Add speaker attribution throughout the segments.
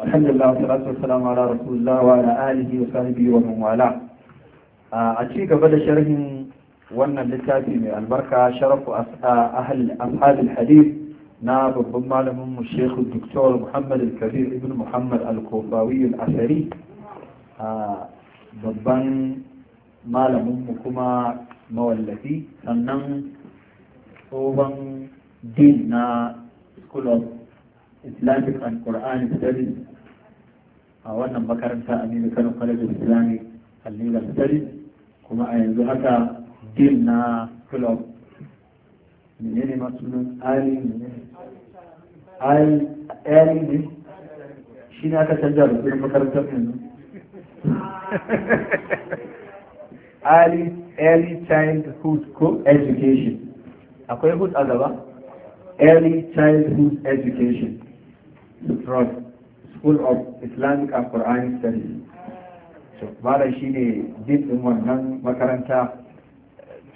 Speaker 1: alhamdulillah salatu wassalamu ala rasulillah wa ala alihi wa sahbihi wa man a ci gaba da sharhin wannan littafi mai albarka sharafu ashabul hadith na babban malamin mu Sheikh Dr. Muhammad Al-Kabir Ibn Muhammad Al-Kofawi asari babban malamin mu kuma mawallafi sannan tsohon din na School of Islamic and Quranic a wannan makaranta a aminu kano college of islamic allila studies kuma a yanzu haka din na club menene masunan ali ali ali ne shi ne aka canja da kuma makarantar yanzu Ali early childhood education akwai hood a gaba early childhood education trust School of Islamic and Quranic Studies. So, Malam shi ne din wannan makaranta.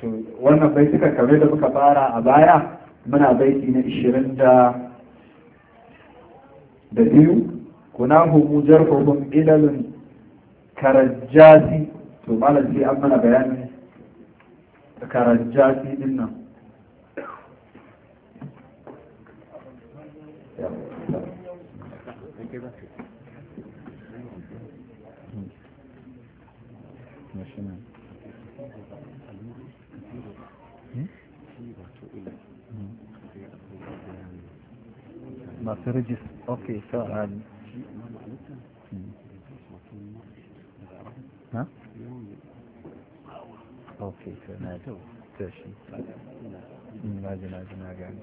Speaker 1: To, wannan bai suka kame da muka fara a baya muna baiti na ishirin da da biyu kuna humu jarhuhum ilalin karajjasi to malam sai an mana bayanin karajjasi ɗin nan kai ba masu rijis ok saurari um, ha? Hmm. ok ta shi hmm, na na gani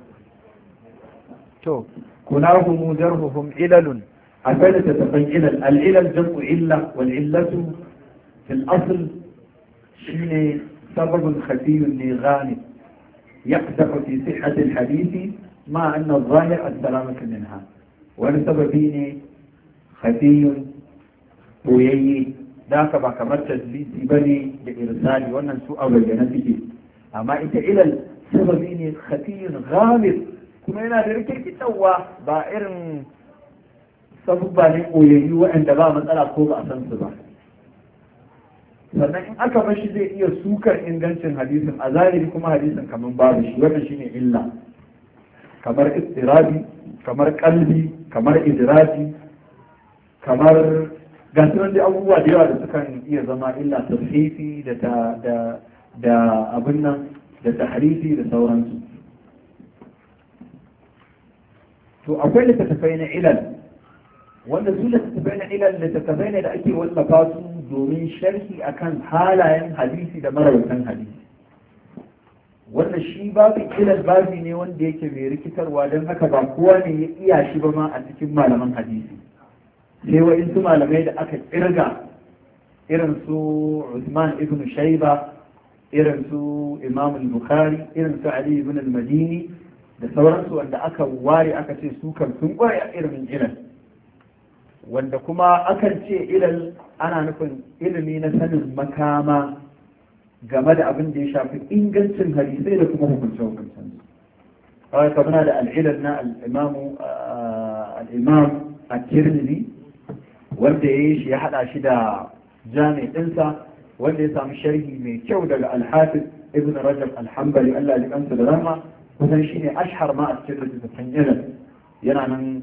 Speaker 1: تو كناهم جرهم علل عبادة تبقى علل العلل جمع علة والعلة في الأصل شيني سبب خفي لغالب يقدح في صحة الحديث مع أن الظاهر السلامة منها وأن سببين خفي ويي ذاك بك مرتج لي سيبني بإرسالي وأن سوء بجنته أما إنت إلى سببين خفي غالب kuma yana da rikirkitarwa ba irin sabubba ne koyayi waɗanda ba matsala ko ba a san su ba sannan in aka bashi zai iya sukar ingancin hadisin a zahiri kuma hadisin kamar babu shi wannan shine illa kamar istirabi kamar kalbi kamar idraji kamar gasunan da abubuwa da yawa da sukan iya zama illa tasfifi da da da abin nan da tahrifi da sauransu to akwai littattafai na ilal wanda su littattafai na ilal littattafai ne da ake wallafa su domin sharhi akan halayen hadisi da marautan hadisi wanda shi babin ilal babi ne wanda yake mai rikitarwa don haka ba kowa ne ya iya shi ba ma a cikin malaman hadisi sai wa'insu malamai da aka kirga irin su Usman ibn Shaiba irin su Imam bukhari irin su Ali ibn al-Madini da sauransu wanda aka ware aka ce su kan sun kware a irin ilal wanda kuma akan ce ilal ana nufin ilimi na sanin makama game da abin da ya shafi ingancin hadisai da kuma hukunce hukuncen kawai ka da al'ilal na al'imamu al'imam a tirmidhi wanda ya yi shi ya hada shi da jami'in ɗinsa wanda ya samu sharhi mai kyau daga alhafiz ibn rajab alhambali allah ya kansa da rahma وذلكني أشهر ما أستدرك في الحنجلة ينعم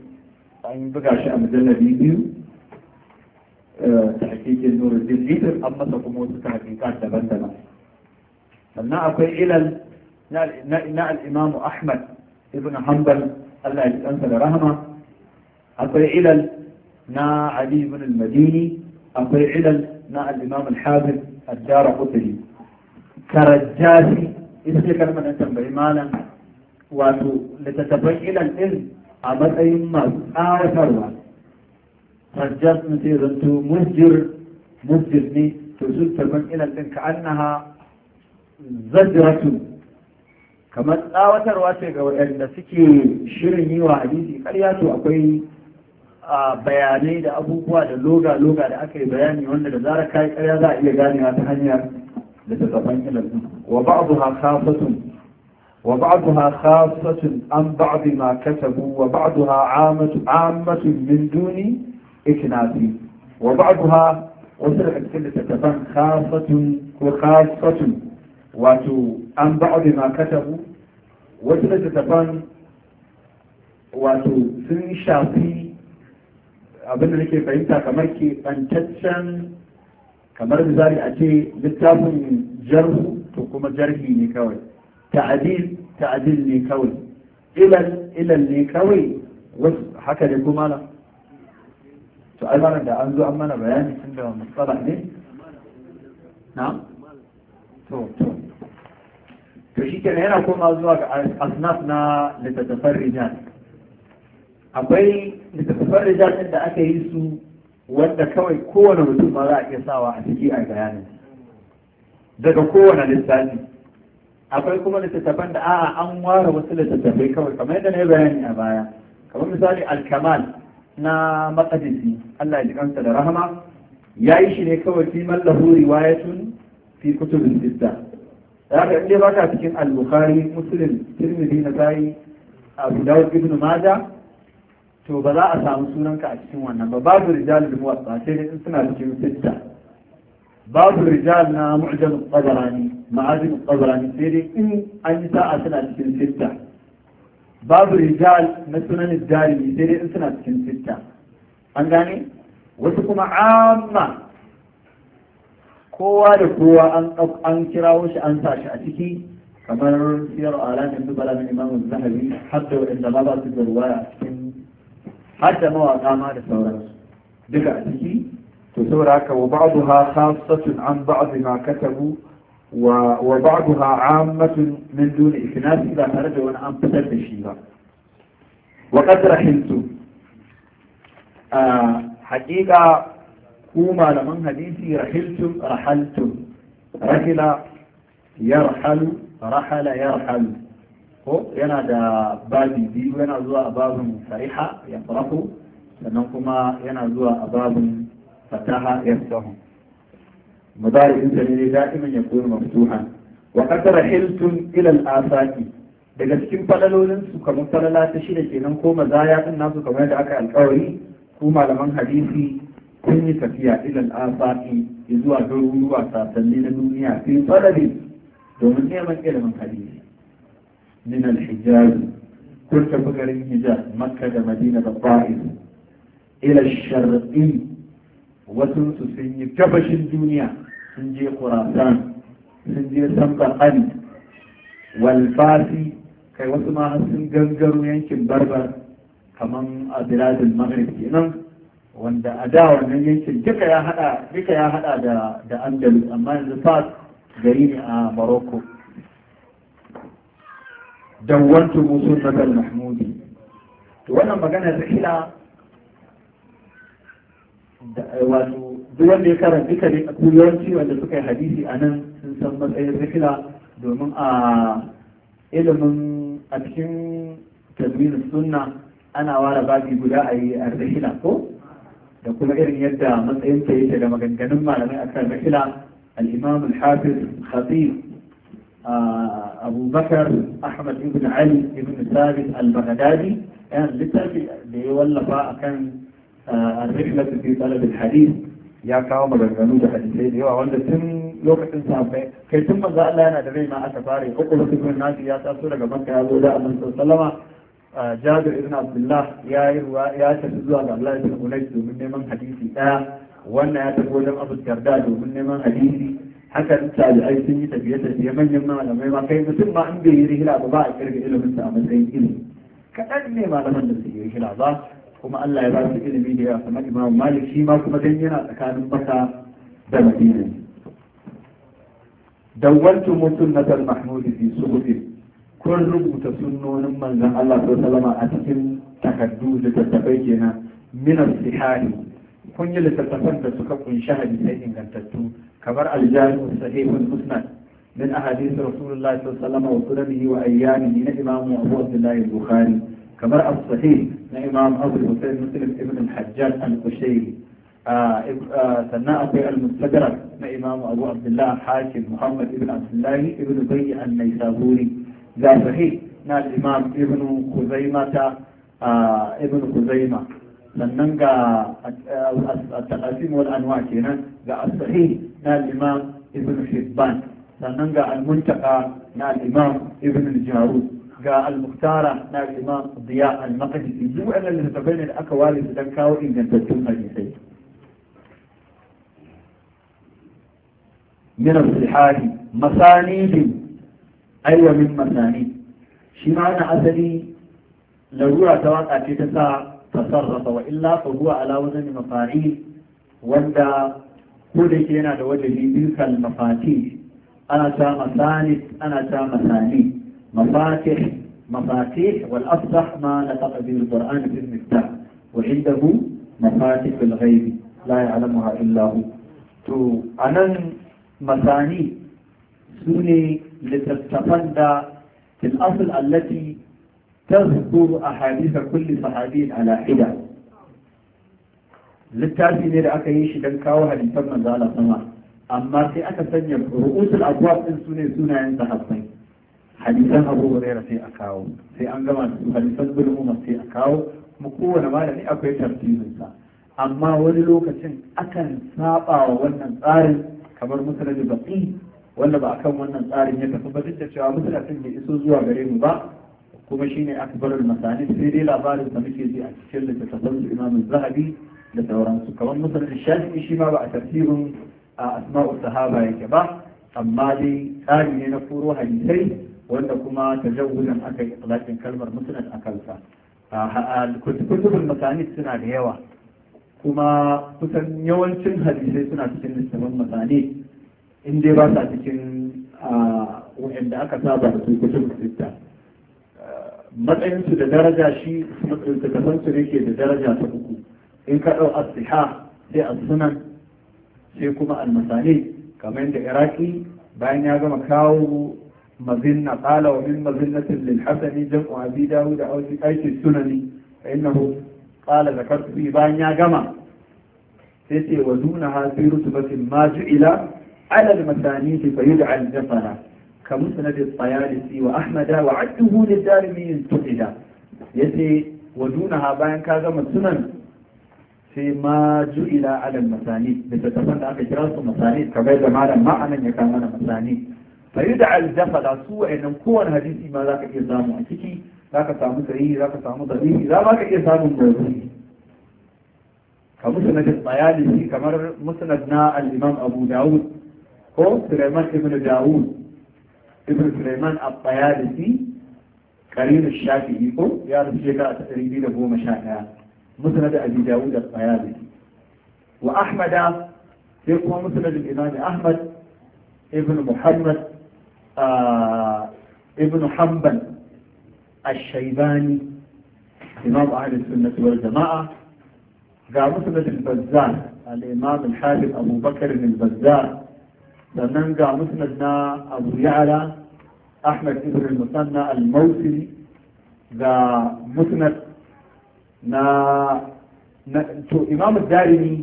Speaker 1: أن بقع شيء مدلنا بيديو آه، تحقيق النور الدين ليتر أما تقوموت تحقيقات لبندنا فلنا أقول إلى ال... نا... الإمام أحمد ابن حنبل الله يتأنسى رحمة أقول إلى ال... نا علي بن المديني أقول إلى ال... نا الإمام الحافظ الدار قتلي كرجاسي اسم كلمة أنت بإيمانا wato littattafan ilan ɗin a matsayin masu tsawatarwa sajjar na sai zanto musjir musjir ne to su littattafan ilan ɗin ka annaha zajiratu kamar tsawatarwa ce ga waɗanda suke shirin yi wa hadisi ƙarya to akwai bayanai da abubuwa da loga-loga da aka yi bayani wanda da zarar kai ƙarya za a iya ganewa ta hanyar littattafan ilan wa ba'adu ha kafatun وبعضها خاصة عن بعض ما كتبوا وبعضها عامة عامة من دون إكناس وبعضها وصلت كل تتفن خاصة وخاصة واتو عن بعض ما كتبوا وصلت تتفن واتو سن شافي abin da nake fahimta kamar ke ɓantaccen kamar misali a ce littafin jarhu to kuma jarhi ne kawai ta'adil ne kawai ilal ne kawai wasu haka da kuma na to ai mana da an zo an mana bayani tun da matsala to to to shi yana koma zuwa ga asnaf na littattafan rijal akwai littattafan rijal ɗin da aka yi su wanda kawai kowane mutum ma za iya sawa a ciki a bayanin daga kowane lissafi akwai kuma littattafan da a'a an ware wasu littattafai kawai kamar yadda na yi bayani a baya kamar misali Al-kamal na makadisi Allah ya ji kansa da rahama ya yi shi ne kawai fi mallahu riwayatun fi kutubin sitta da haka inda ba ka cikin al-bukhari muslim tirmidhi na sai abu dawud ibn majah to ba za a samu sunanka a cikin wannan ba babu rijal da muwatta sai dai suna cikin sitta babu rijal na mu'jam qadarani معاذب القبر عن السيري إن النساء سنة سن ستة باب الرجال مثلا الدار من سيري إن سنة سن ستة أنجاني وسكم عامة قوة لقوة أن أنكر وش أنسى شأتكي كما نرون سير آلان عند من إمام الذهبي حتى وإن بابا تدل ويا حتى ما أقام على ثورة بقى أتكي وبعضها خاصة عن بعض ما كتبوا وبعضها عامة من دون إثنان إذا خرج وأنا أنبتر بشيبا وقد رحلت آه حقيقة كوما لمن حديثي رحلت رحلت رحل يرحل رحل يرحل هو ينا دا بابي دي ينا زوا أباب فرحة يفرحوا لأنكما ينا زوا أباب فتاها يفتحوا a سنه دائما يكون مفتوحا وقد رحلتم إلى الآفاق daga cikin falalolin su kamar falala ta shida kenan ko mazaya din nasu kamar da aka alƙawari ko malaman hadisi kun yi tafiya ilal asaki zuwa garuruwa sasanni na duniya fi falali domin neman ilimin hadisi min al-hijaz kun tafi garin hijaz makka da madina da ta'if ila sharqi wasu su sun yi gabashin duniya sun je kurasan sun je sambar ali walfasi kai wasu ma sun gangaro yankin barbar kamar a biladin maghrib kenan wanda a da wannan yankin duka ya hada duka ya hada da da andalus amma yanzu fas gari ne a morocco dawwantu musu nazar mahmudi to wannan magana ta wato duk wanda ya karanta ka ne yawanci wanda suka yi hadisi a nan sun san matsayin rihila domin a ilimin a cikin tadwirin sunna ana ware babi guda a yi a rihila ko da kuma irin yadda matsayin ta yake da maganganun malamai akan rihila al-imam al-hafiz khatib abu bakar ahmad ibn ali ibn sabit al-baghdadi yana littafi da ya wallafa akan الرحلة في طلب الحديث ya kawo maganganu da hadisai da yawa wanda tun lokacin sahabbai kai tun manzo Allah yana da rai ma aka fare kuma tun nasu ya taso daga Makka ya zo da Annabi sallama Jabir ibn Abdullah ya yi ruwa ya tafi zuwa ga Allah ibn Unais domin neman hadisi daya wannan ya tafi wajen Abu Darda domin neman hadisi haka tabi'ai sun yi tafiye-tafiye manyan malamai ma kai mutum ma an bai yi rihila ba ba a kirga ilimin sa a matsayin ilimi kaɗan ne malaman da su yi rihila ba kuma Allah ya ba su ilimi da yawa kamar Imam Malik shi ma kuma dan yana tsakanin Makka da Madina dawwantu sunnat al-mahmud fi suhufi kun rubuta sunnonin manzon Allah sallallahu alaihi a cikin takaddu da tattafai kenan min as-sihari kun yi littattafan da suka kunshi hadisai ingantattu kamar al-jami'u sahih al-musnad من أحاديث رسول الله صلى الله عليه وسلم وسننه وأيامه من إمام أبو عبد الله البخاري kamar abu sahih na imam abu hussein muslim ibn al al-kushairi sannan akwai al-mustadrak na imam abu abdullah hakim muhammad ibn abdullahi ibn bayy an-naisaburi ga sahih na imam ibn kuzaimata ibn kuzaima sannan ga at-taqasim wal anwa kenan ga as-sahih na imam ibn hibban sannan ga al-muntaka na imam ibn al-jarud جاء المختار نا الإمام الضياء المقدسي جوعا اللي تبين الأكوال الزكاة وإن جنبتهم مجلسين من الصحاح مسانيد أي أيوة، من مسانيد شمعنا أثري لو هو أتواقع في تسع تصرف وإلا فهو على وزن مفاعيل وإلا كل شيء أنا لوجه لي المفاتيح أنا تا مسانيد أنا تا مسانيد مفاتح مفاتيح والأفضح ما نطق به القرآن في المفتاح وعنده مفاتح الغيب لا يعلمها إلا هو تو أنا مثاني سوني لتستفند في الأصل التي تذكر أحاديث كل صحابي على حدة littafi نير da aka yi shi don kawo hadisan أما في أكثر رؤوس الأبواب aka سوني سوني عند din hadisan abu huraira sai a kawo sai an gama su hadisan bin umar sai a kawo mu kowane malami akwai tartibinsa amma wani lokacin akan saba wa wannan tsarin kamar musulmi baki wanda ba akan wannan tsarin ya tafi ba duk da cewa musulmi bai iso zuwa gare mu ba kuma shine akbarul masani sai dai labarin da muke ji a cikin littattafan su imam zahabi da sauransu kamar musulmi shafi'i shi ma ba a tartibin asma'u sahaba yake ba amma dai tsari ne na furo hadisai wanda kuma tajawuzan aka yi itlaqin kalmar musnad a kansa kutubul masanid suna da yawa kuma kusan yawancin hadisai suna cikin littafin masanid in dai ba sa cikin wa'anda aka saba da su kutubul sitta matsayinsu da daraja shi matsayinsu littafansu ne ke da daraja ta uku in ka ɗau asiha sai a sunan sai kuma almasani kamar yadda iraki bayan ya gama kawo مظنة قال ومن مظنة للحسن جمع أبي داود أو أيش السنن فإنه قال ذكرت في بانيا جمع سيتي ودونها في رتبة ما جعل على المسانيد فيجعل جفنا كمسند الطيالسي وأحمد وعده للدارمي انتقدا يتي ودونها بان كاغم السنن في ما جعل على المسانيد بتتفند أخي جراسه مسانيد كبير مالا ما أنا يكامل مسانيد فيدعى الزفا لسوء ان نكون هذه ما ذاك يزام عتكي ذاك تام سري ذاك تام ضبي اذا ما كان يزام موجود كمسنة الطيالسي كمر مسندنا الإمام أبو داود هو سليمان ابن داود ابن سليمان الطيالسي كريم الشافعي هو يا رجل تقريبين ابو مشاعر مسند أبي داود الطيالسي وأحمد في مسند الإمام أحمد ابن محمد ibn hanbal الشيباني إمام أهل السنة والجماعة قام مسند البزار الإمام الحافظ أبو بكر البزار لمن قام مسندنا أبو يعلى أحمد بن المثنى الموسي ذا مسند نا, نا... تو إمام الدارمي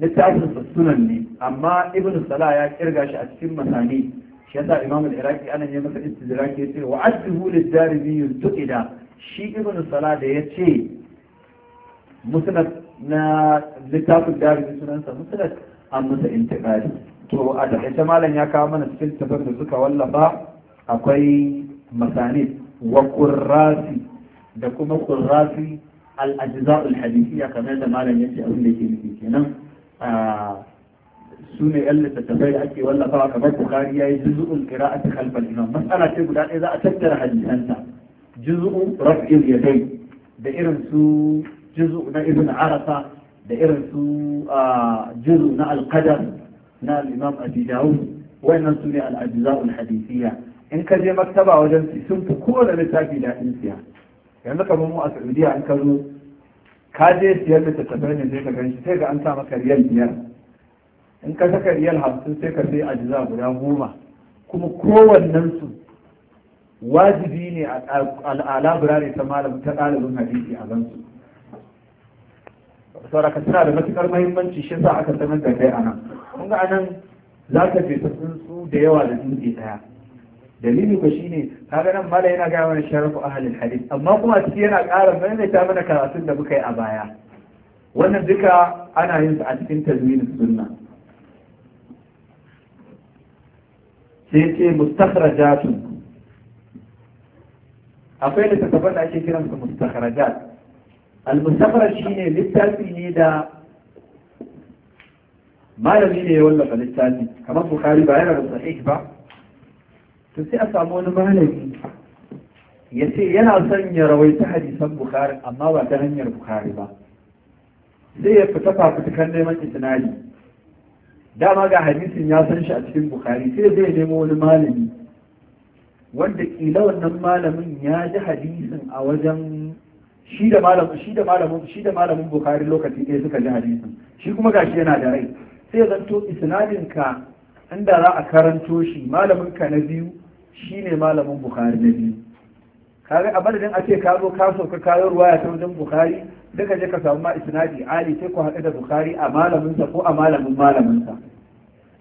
Speaker 1: littafin sunanne amma ibn sala ya kirga shi a cikin masani shi yasa imam al-iraqi ana ya masa istidraki yace wa adduhu lid-daribi yuntida shi ibn sala da yace musnad na littafin daribi sunansa musnad an masa intiqali to a takaice malam ya kawo mana cikin tafsir da suka wallafa akwai masanid wa qurrasi da kuma qurrasi al-ajza' al-hadithiyya kamar da malam yace abin da yake nufi kenan ah, su ne yan littattafai da ake wallafawa kamar bukari ya yi juzu'un qira'ati khalfal imam masana ce guda ɗaya za a tattara hadisanta juzu'u ya yadai da irin su na ibn arafa da irin su juzu'u na alqadar na al-imam abi dawud su ne al-ajza'u al-hadisiyya in ka je maktaba wajen su sun fi kowane littafi daɗin siya yanzu kamar mu a saudiya an ka zo ka je siyar da tattabai ne sai ka gan shi sai ga an sa maka riyal biyar in ka saka riyal hamsin sai ka sai ajiza guda goma kuma kowannen su wajibi ne a labirare ta malam ta ɗalibin hadisi a gansu sauraka suna da matuƙar mahimmanci shi sa aka sanar da kai anan kun ga anan za ka fesa tsuntsu da yawa da tsuntsi ɗaya dalili ko shine kaga nan mala yana gaya mana sharafu halin hadis amma kuma ciki yana ƙara maimaita mana karatun da muka yi a baya wannan duka ana yin su a cikin tazminin sunna sai ce mustakhrajatun akwai ta da ake kiran su mustakharajat al shi shine littafi ne da malami ne ya wallafa littafi kamar bukhari ba yana da sahih ba to sai a samu wani malami ya ce yana son ya rawaita hadisan bukhari amma ba ta hanyar bukhari ba sai ya fita fafutukan neman itinari dama ga hadisin ya san shi a cikin bukhari sai zai nemo wani malami wanda kila wannan malamin ya ji hadisin a wajen shi da malamin shi da malamin shi da malamin bukhari lokaci ɗaya suka ji hadisin shi kuma gashi yana da rai sai zanto isnadin ka inda za a karanto shi malamin ka na biyu shine malamin bukhari na biyu Kare a madadin ake karo ka zo ka sauka kayo ruwaya ta wajen bukhari duka je ka samu ma isnadi ali sai ku haɗu da bukhari a malaminsa ko a malamin malaminsa.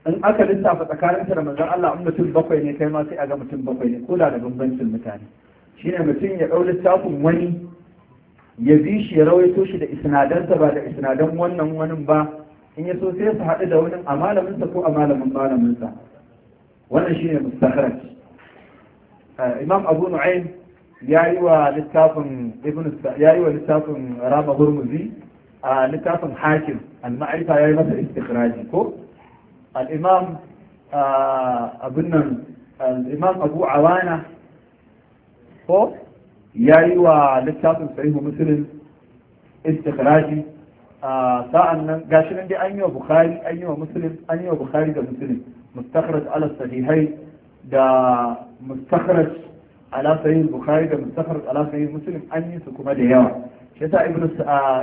Speaker 1: in aka lissafa tsakanin da manzon Allah in mutum bakwai ne kai ma sai a ga mutum bakwai ne ko da da bambancin mutane shine mutum ya ɗau littafin wani ya bi shi ya rawaito shi da isnadansa ba da isnadan wannan wani ba in ya so sai su haɗu da wani a malaminsa ko a malamin malamin sa wannan shine mustakhraj eh, imam abu nu'aym ya yi wa littafin ibn ya yi littafin rama hurmuzi a littafin hakim al-ma'arifa ya yi masa istikraji ko al-imam abin nan al-imam abu awana ko ya yi wa littafin sahihu muslim istikraji sa'an nan gashi nan dai an yi wa bukhari an yi wa muslim an yi wa bukhari da muslim mustakhraj ala sahihai da mustakhraj ala sahih bukhari da mustafar ala sahih muslim an yi su kuma da yawa shi yasa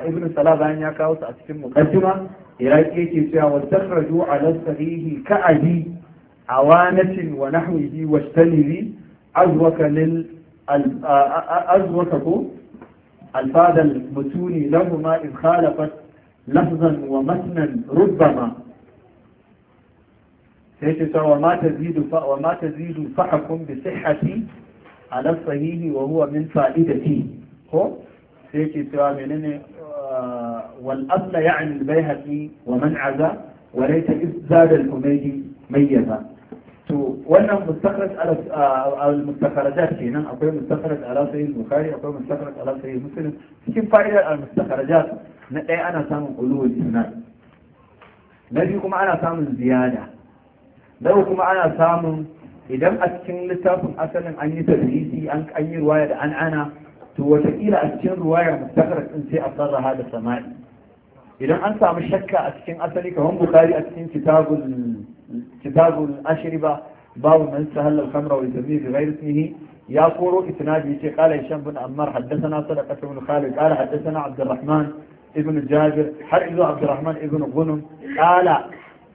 Speaker 1: ibn salah bayan ya kawo su a cikin muqaddima iraki yake cewa wastakhraju ala sahihi ka'adi awanatin wa nahwihi washtanibi azwaka lil azwaka ko الفاظ المتون لهما إذ خالفت لفظا ومتنا ربما sai ce ta wa mata zidu fa bi ala sahihi wa huwa min fa'idati ko sai yake cewa menene uh, wal asla ya'ni al bayhaqi wa man aza wa laysa izad al humaydi mayyaza to wannan mustakhraj uh, al mustakhrajat kenan akwai mustakhraj ala sahih bukhari akwai mustakhraj ala sahih muslim cikin fa'idar al mustakhrajat na ɗaya ana samun ulul isnad na biyu kuma ana samun ziyada na kuma ana samun idan a cikin littafin asalin an yi tadrisi an yi ruwaya da an ana to wataƙila a cikin ruwayar mustakar din sai a sarraha da sama'i idan an samu shakka a cikin asali kamar bukari a cikin kitabul ashriba babu man sahalla al-khamra wal tamir bi ghayri ismihi ya koro isnadi yace qala hisham bin ammar haddathana sadaqa bin khalid qala haddathana abd alrahman ibn jabir har izo abd alrahman ibn gunum qala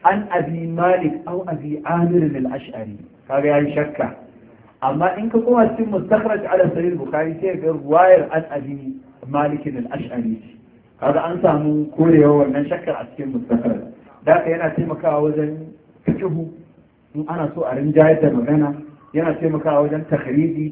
Speaker 1: an abi malik aw abi amir al-ash'ari kaga yayi shakka amma in ka koma cikin mustakhraj ala sahih bukhari sai ga ruwayar an abi malik al-ash'ari kaga an samu korewa wannan shakkar a cikin mustakhraj da yana taimakawa wajen fiqhu in ana so a rinjayar da magana yana taimakawa wajen takhriji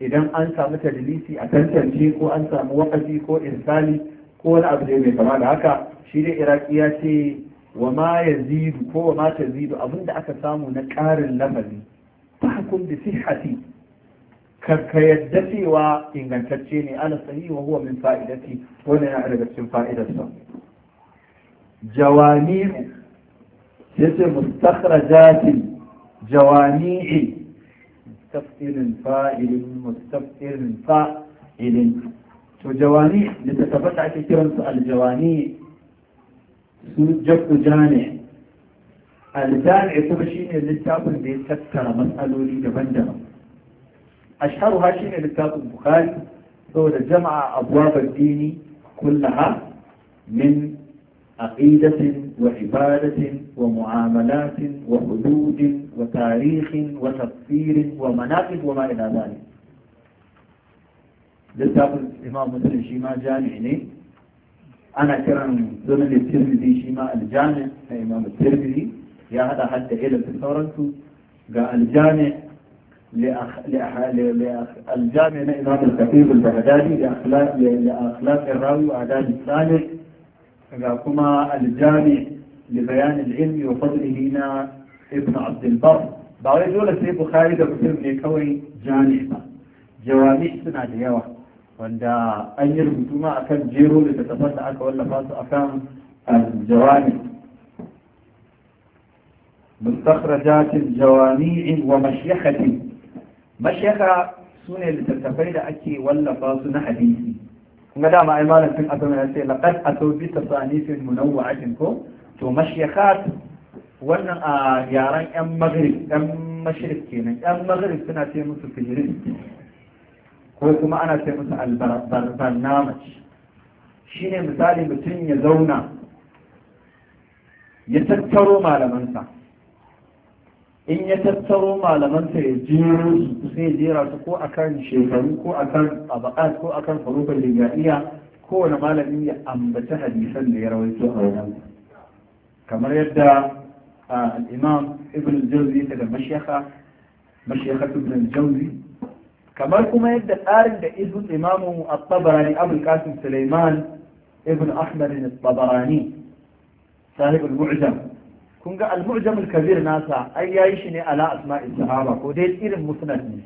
Speaker 1: idan an samu tadlisi a tantance ko an samu wakafi ko insani ko wani abu da mai kama da haka shi dai iraki ya ce وما يزيد هو ما تزيد أبن دعك سامو نكار اللمذي تحكم بصحتي كيدتي وإن كان تجيني أنا صحيح وهو من فائدتي وانا أعرف من فائدة جوانيع جس مستخرجات جوانيع مستفتر فائل مستفتر فائل تو جوانيع لتتبتع كثيرا سؤال جوانيع su jabu jami'a aljami'a kuma littafin da ya tattara matsaloli daban-daban ashharuha shine littafin bukhari saboda jama'a abwabar dini kullaha min aqidatin wa ibadatin wa mu'amalatin wa hududin wa tarihin wa tafsirin wa manaqib wa ma ila dhalik littafin imam muslim shi ma jami'i ne أنا كرم دون الترمذي شيماء الجامع الإمام الترمذي يا هذا حتى إلى تصورته قال الجامع لأخ... لأخ... لأخ الجامع إمام الخطيب البغدادي لأخلاق لأخلاق الراوي وأعداد الصالح قال الجامع لبيان العلم وفضله هنا ابن عبد البر بعدين لك ذلك سيبو خالد ابن كوي جامع جوامع سنة ديوه wanda an yi rubutu ma akan jero da tattafan da aka wallafa su akan wa aljawami مستخرجات الجواميع ومشيخة مشيخة سنة لتتفيد أكي ولا فاصل حديثي kuma dama ai malam tun aka mai sai laqad atau bi tasanifin munawwa'atin ko to mashyakat wannan a yaran yan maghrib yan mashrik kenan yan maghrib suna ce musu fijrin ko kuma ana ce musu albarnamaj shi ne misali mutum ya zauna ya tattaro malamansa in ya tattaro malamansa ya jero su sai jera su ko akan shekaru ko akan abakat ko akan farufin ligaiya kowane malami ya ambaci hadisan da ya rawaito a wajen kamar yadda ah, al-imam ibn al-jawzi daga mashayikha mashayikhatu ibn al kamar kuma yadda tsarin da ibn imamu at-tabarani abul qasim sulaiman ibn ahmad at-tabarani sahib al-mu'jam kun ga al-mu'jam al-kabir nasa ai yayi shi ne ala asma'i sahaba ko dai irin musnad ne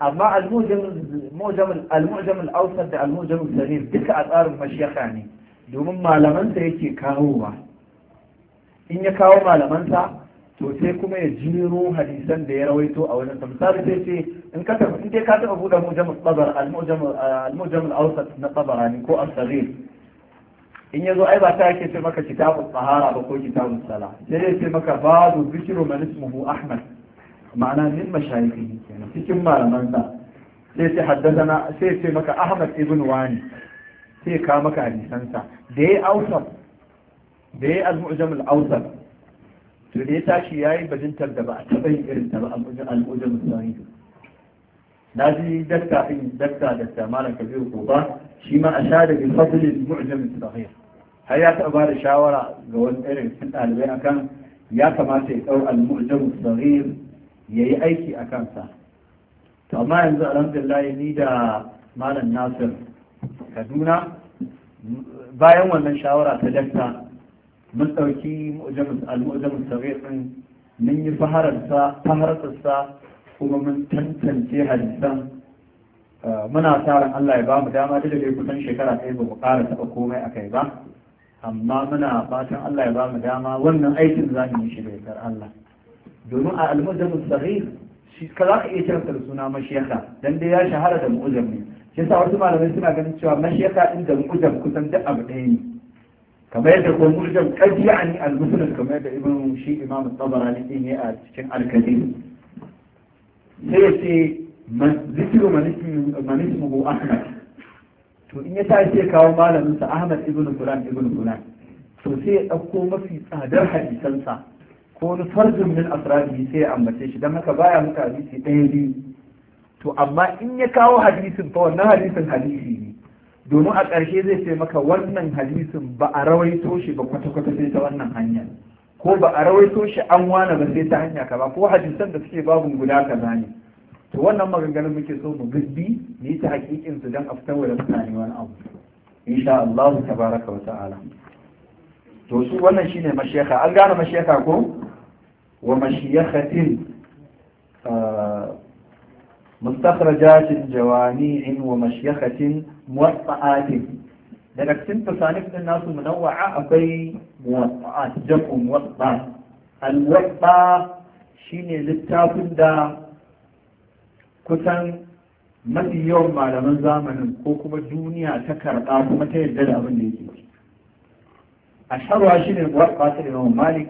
Speaker 1: amma al-mu'jam al-mu'jam al-awsat da al-mu'jam al-saghir duka a tsarin mashiyaka ne domin malamansa yake kawowa in ya kawo malamansa to sai kuma ya jiro hadisan da ya rawaito a wajen misali sai ce in ka tafi in dai ka taɓa buɗe mujam tsabar al-mujam al-awsat na tsabarani ko al-saghir in yazo ai ba ta yake ce maka kitabun tsahara ba ko kitabun sala sai dai ce maka babu zikru man ismuhu ahmad ma'ana min mashayikhi kenan cikin malaman sa sai ce haddazana sai ce maka ahmad ibn wani sai ka maka hadisan sa da ya awsat da ya al-mujam al-awsat to da ya tashi ya yi bajintar da ba a taɓa yin irin ta ba al'ujar musamman na ji dakta in dakta da samaran kabiru ko ba shi ma a sha daga fadlin mu'jam har ya taɓa da shawara ga wani irin sun ɗalibai akan ya kamata ya ɗau al-mu'jam ya yi aiki a kansa to amma yanzu alhamdulillah ni da malam nasir kaduna bayan wannan shawara ta dakta mun ɗauki al'ujamin sarai ɗin mun yi faharsarsa, kuma mun tantance hadisan ah, muna tsarin Allah ya ba mu dama da kusan shekara ɗaya ba mu ƙara taɓa komai a kai ba amma muna fatan Allah ya ba mu dama wannan aikin za mu yi shi da Allah domin a al'ujamin sarai shi ka za ka iya kiransa da suna mashiyaka dan dai ya shahara da mu'ujam ne shi yasa wasu malamai suna ganin cewa mashiyaka ɗin da mu'ujam kusan duk abu ɗaya ne kamar yadda kuma murjan kaji ani al-muslim kamar yadda ibn shi imam tabarani din ya a cikin al sai ya ce zikru manismuhu ahmad to in ya ta sai kawo malaminsa ahmad ibn fulan ibn fulan to sai ya dauko mafi tsadar hadisansa ko wani farzin min asrabi sai ya ambace shi dan haka baya muka hadisi ɗaya biyu to amma in ya kawo hadisin fa wannan hadisin hadisi ne domin a ƙarshe zai ce maka wannan hadisin ba a rawaito shi ba kwata-kwata sai ta wannan hanya ko ba a rawaito shi an wana ba sai ta hanya ba ko hadisan da suke babun guda ka ne to wannan maganganun muke so mu gudbi mu ta hakikin su don a fitar da mutane wani abu insha Allah tabaraka wa ta'ala to su wannan shine mashayikha an gane mashayikha ko wa mashayikhatin eh, mustakhrajatin jawami'in wa mashayikhatin muwaffa'atin daga cikin tasanif din nasu munawwa'a akwai muwaffa'at jam'u muwaffa al shine littafin da kusan mafi yawan malaman zamanin ko kuma duniya ta karɓa kuma ta yarda da abin da yake a sharwa shi ne muwaɓa imam malik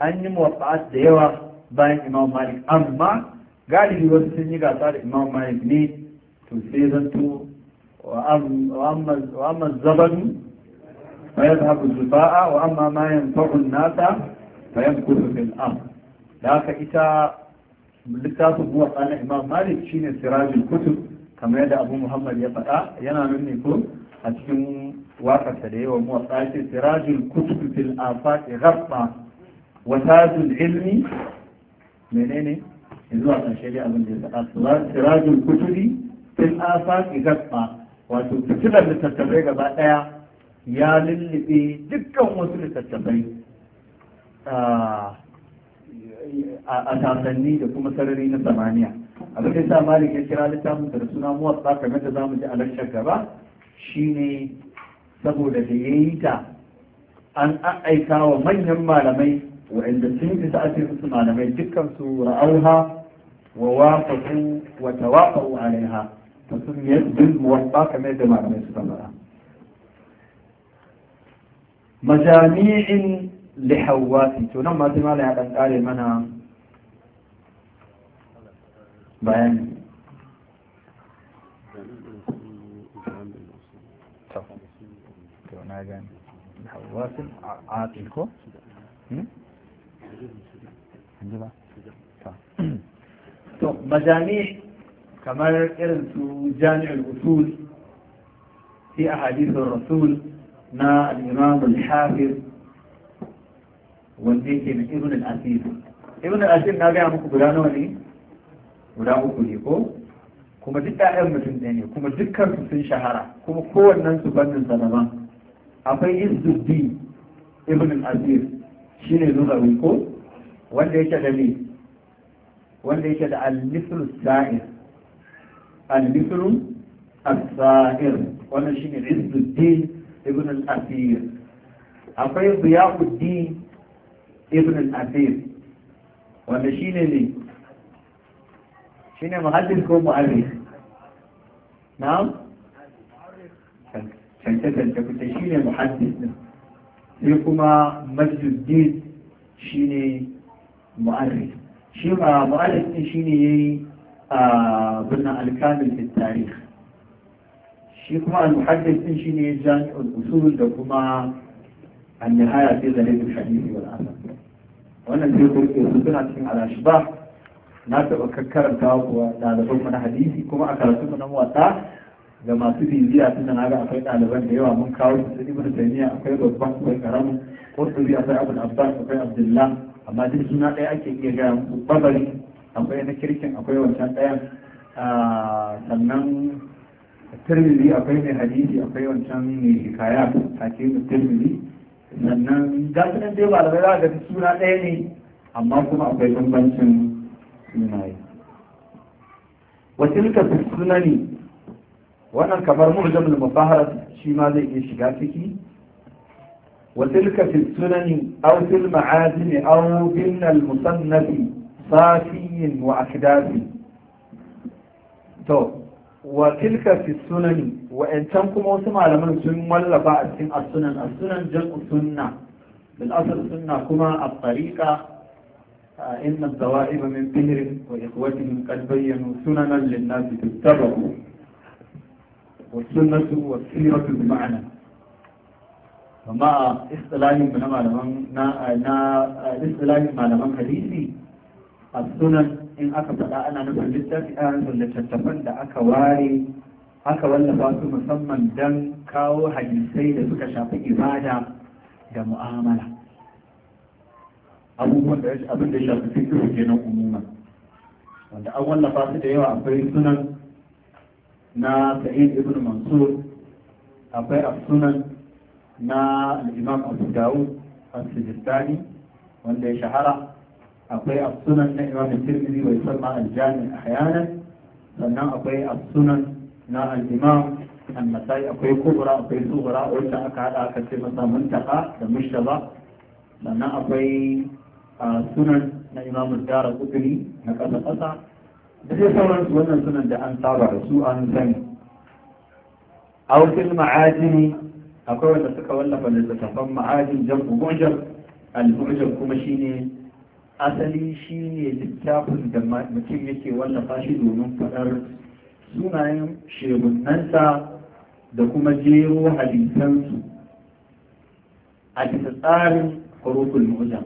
Speaker 1: an yi muwaɓa da yawa bayan imam malik amma galibi wasu sun yi gasa da imam malik ne to sai zanto وأما الزبن فيذهب الزفاء وأما ما ينفع الناس فيمكث في الأرض ذاك إتا littafin muwatsa na imam malik shine sirajul kutub kamar yadda abu muhammad ya faɗa yana nuni ko a cikin wakarsa da yawa muwatsa ya ce sirajul kutub fil afaq ghabba wa tajul ilmi menene yanzu a ƙarshe dai abin da ya wato fitilar littattafai gaba ɗaya ya lullube dukkan wasu littattafai a tasanni da kuma sarari na samaniya abin da sa malik ya kira littafin da suna muwatsa kamar da zamu ji a lanshar gaba shine saboda da ya yi ta an aika wa manyan malamai waanda sun fi sa'atin su malamai dukkan su ra'auha wa wafafu wa tawafa'u alaiha تسميت بالموطا كما يدل على ما مجاميع لحواتي تنمى تمالي على الآل منها بيان حواسم عاقلكو مجاميع kamar irin su jami'ul usul fi ahadithur rasul na al-imam al-hafiz wanda yake na ibn al-asir ibn al-asir na gaya muku guda nawa ne guda uku ne ko kuma duk ɗayan mutum ɗaya ne kuma dukkan su sun shahara kuma kowannen su bannin sa daban akwai izzuddin ibn al-asir shine zuwa ko wanda yake da ne wanda yake da al-misl sa'ir al-misrun al-sahir wannan shine izzuddin ibn al-asir akwai ziyaquddin ibn al-asir wanda shine ne shine muhaddis ko mu'arrikh na'am cance-cance kusa shine muhaddis din sai kuma majduddin shine mu'arrikh shi ma mu'arrikh din ya yi. a birnin alkamil fi tarih shi kuma al-muhaddis din ne jami'ul usul da kuma an-nihaya fi zalil hadisi wal asar wannan sai kurke su suna cikin al-ashbah na taɓa kakkaranta kuwa ɗaliban mana hadisi kuma a karatu na wata ga masu bibiya tunda na ga akwai ɗaliban da yawa mun kawo su ibn taymiya akwai babban akwai karamin a akwai abul abbas akwai abdullah amma duk suna ɗaya ake iya gaya muku babari akwai na kirkin akwai wancan ɗayan ah, sannan tirmidhi akwai mai hadisi akwai wancan mai hikaya a cikin tirmidhi sannan gasunan su nan dai malamai za ga suna ɗaya ne amma kuma akwai bambancin sunaye wasu fi sunani wannan kamar da mafahar shi ma zai iya shiga ciki وتلك في السنن أو في المعازم أو ضمن المصنف صافي واكدابي تو وتلك في السنن وان تنكم وسمع لما سمى لبا السنن السنن السنن جمع السنة بالاصل السنة كما الطريقة آه، ان الدوائب من بهر واخوتهم قد بينوا سننا للناس تتبعوا والسنة والسيرة بمعنى فما استلاهم من ما لمن نا نا ما لمن حديثي a in aka faɗa ana nufin littattafan da aka ware aka wallafa su musamman don kawo hadisai da suka shafi ibada da mu'amala abubuwan da abin da shafi fikiru kenan umuman wanda an wallafa su da yawa akwai sunan na sa'id ibn mansur akwai sunan na al-imam abu dawud al-sijistani wanda ya shahara akwai as-sunan na Imam Tirmidhi wa yusamma al-jami' ahyanan sannan akwai as-sunan na al-Imam An-Nasa'i akwai kubra akwai sughra wacce aka hada aka ce masa muntaka da mushtaba sannan akwai sunan na Imam Dara darqutni na kasa kasa da dai sauran wannan sunan da an saba da su an sani aw fil ma'ajini akwai wanda suka wallafa littattafan ma'ajin jam'u mu'jam al-mu'jam kuma shine asali shi ne littafin da mutum yake wallafa shi domin faɗar sunayen shehunansa da kuma jero hadisansu a bisa tsarin harufin mu'jam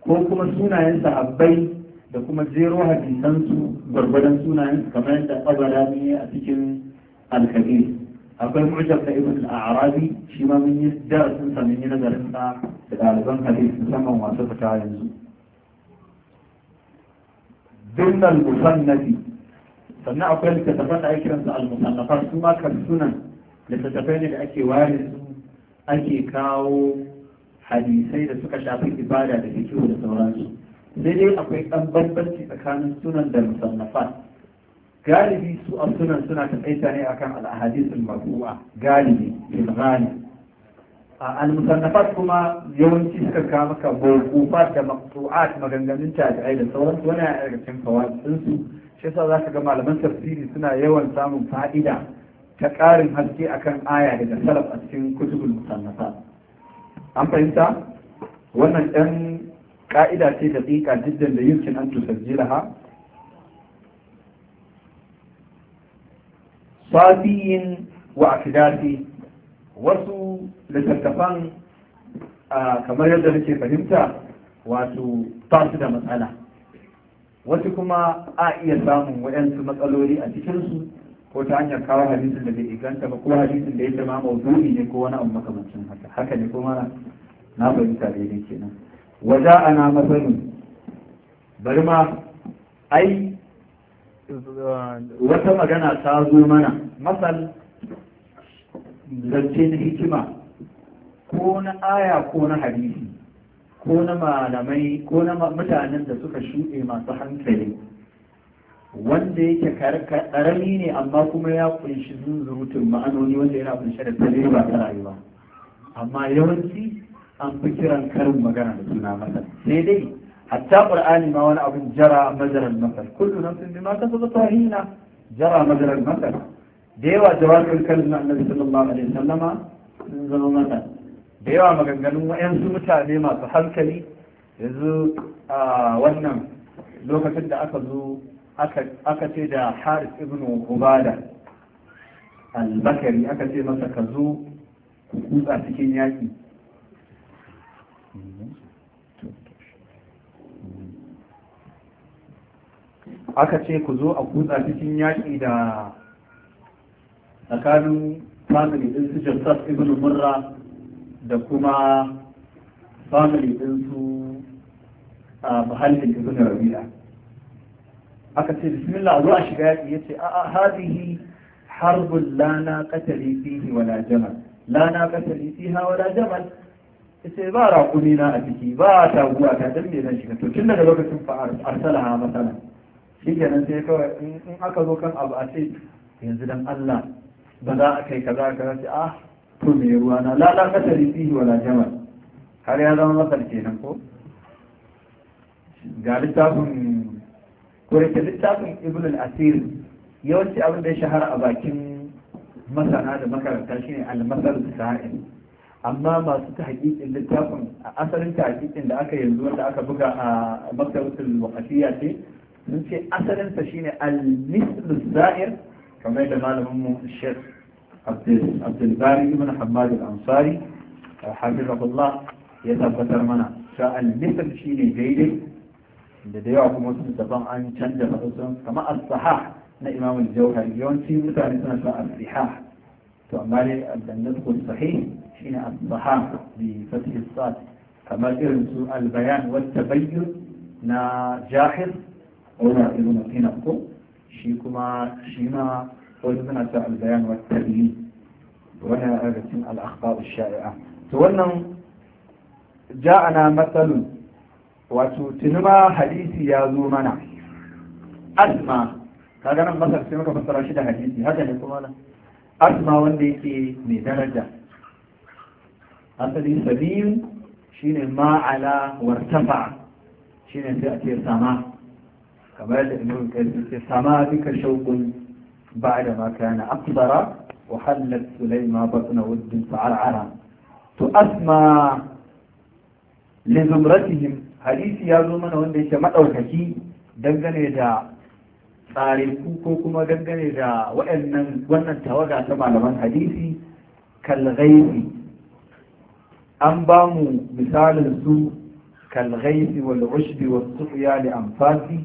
Speaker 1: ko kuma sunayen sahabbai da kuma jero hadisansu gwargwadon sunayen kamar yadda ƙabara ne a cikin alkabir akwai mu'jam na ibn al-arabi shi ma mun yi darasinsa mun yi nazarin sa da ɗaliban hadisi musamman wasu fita yanzu ضمن المصنف sannan akwai littattafan da ake ransu al-musannafan su ma sunan littattafai ne da ake ware su ake kawo hadisai da suka shafi ibada da fikihu da sauransu sai dai akwai ɗan bambanci tsakanin sunan da musallafa galibi su a sunan suna taƙaita ne akan al-ahadith al-marfu'a galibi fil A musannafat kuma yawanci suka kawo maka mawqufat da maqtu'at maganganun tabi'ai da sauransu wani a cikin fawaidin su shi yasa zaka ga malaman tafsiri suna yawan samun fa'ida ta ƙarin haske akan aya daga salaf a cikin kutubul musannafat an fahimta wannan ɗan ka'ida ce da tsika jiddan da yumkin an tusajjilaha safiyin wa akidati wasu littattafan kamar yadda nake fahimta wato ba su da matsala wasu kuma a iya samun waɗansu matsaloli a cikinsu ko ta hanyar kawo hadisin da bai iganta ba ko hadisin da ya zama maudu'i ne ko wani abu makamancin haka haka ne kuma na fahimta daidai kenan waja ana masanin bari ma ai wata magana ta zo mana masal zance na hikima ko na aya ko na hadisi ko na malamai ko na mutanen da suka shuɗe masu hankali wanda yake karami ne amma kuma ya kunshi zunzurutun ma'anoni wanda yana kunshi da tare ba ta rayuwa amma yawanci an fi kiran karin magana da suna masar sai dai hatta qur'ani ma wani abin jara mazarar masar kullu nafsin bima kasabat hina jara mazarar masar da yawa jawabin kalin annabi sallallahu alaihi wasallama sun zama mana da yawa maganganun wayansu mutane masu hankali yanzu a wannan lokacin da aka zo aka ce da Haris ibn Ubada al-Bakari aka ce masa ka zo kutsa cikin yaki aka ce ku zo a kutsa cikin yaƙi da tsakanin family din su Jassas ibn Murra da kuma family din su a ah, mahallin ibn Rabi'a aka ce bismillah zo a shiga yaki yace a a hadihi harbun lana qatali fihi wala jamal lana qatali fiha wala jamal yace ba raƙumi na a ciki ba taguwa ta dan me zan shiga to tun daga lokacin fa arsalaha masalan shi kenan sai kawai in aka zo kan abu a ce yanzu dan Allah بدا كي كذا كذا تي اه تميروا انا لا لا قتل فيه ولا جمل هل هذا ما قتل فيه نكو قال تاكم كوري كذي ابن الاسير يوتي ابن دي شهر اباكين مثلا هذا مكان تاشيني على مثل سائل اما ما ستحقيق ان تاكم اصل انت ان اكا يلزو ان اكا بقى مكتبة الوقتية تي اصل انت المثل الزائر كما يتمنى منه الشيخ عبد الباري من حماد الأنصاري آه، حفظه الله يذهب بتر منا سأل مثل شيء جيد اللي ديعه موسم الدفن عن شنجة فرسون كما الصحاح نا إمام الجوهة اليون في مثال سنة الصحاح تعمالي أن ندخل صحيح حين الصحاح بفتح الصاد كما إرسو البيان والتبين نا جاحظ هنا إذن في نفسه shi kuma shi ma wani suna ta albayan wa tabi wani rarrakin al'akhbar shari'a to wannan ja'ana matsalun wato tunuma hadisi ya zo mana asma ka ganin masar sai muka fassara shi da hadisi haka ne kuma nan asma wanda yake mai daraja asali sabil shine ma'ala wartafa shine sai a ce sama كما لأنه كان في سماتك شوق بعدما كان أكبر وحلت سليمة بطن ود فعل عرام تؤثمى لزمرتهم حديث يا زمان وانده شمت أو حكي دنگن إذا تاريخو كوكما دنگن إذا وإن وانا التوقع لمن حديثي كالغيث أنبامو مثال السوء كالغيث والعشب والصفيا لأنفاسي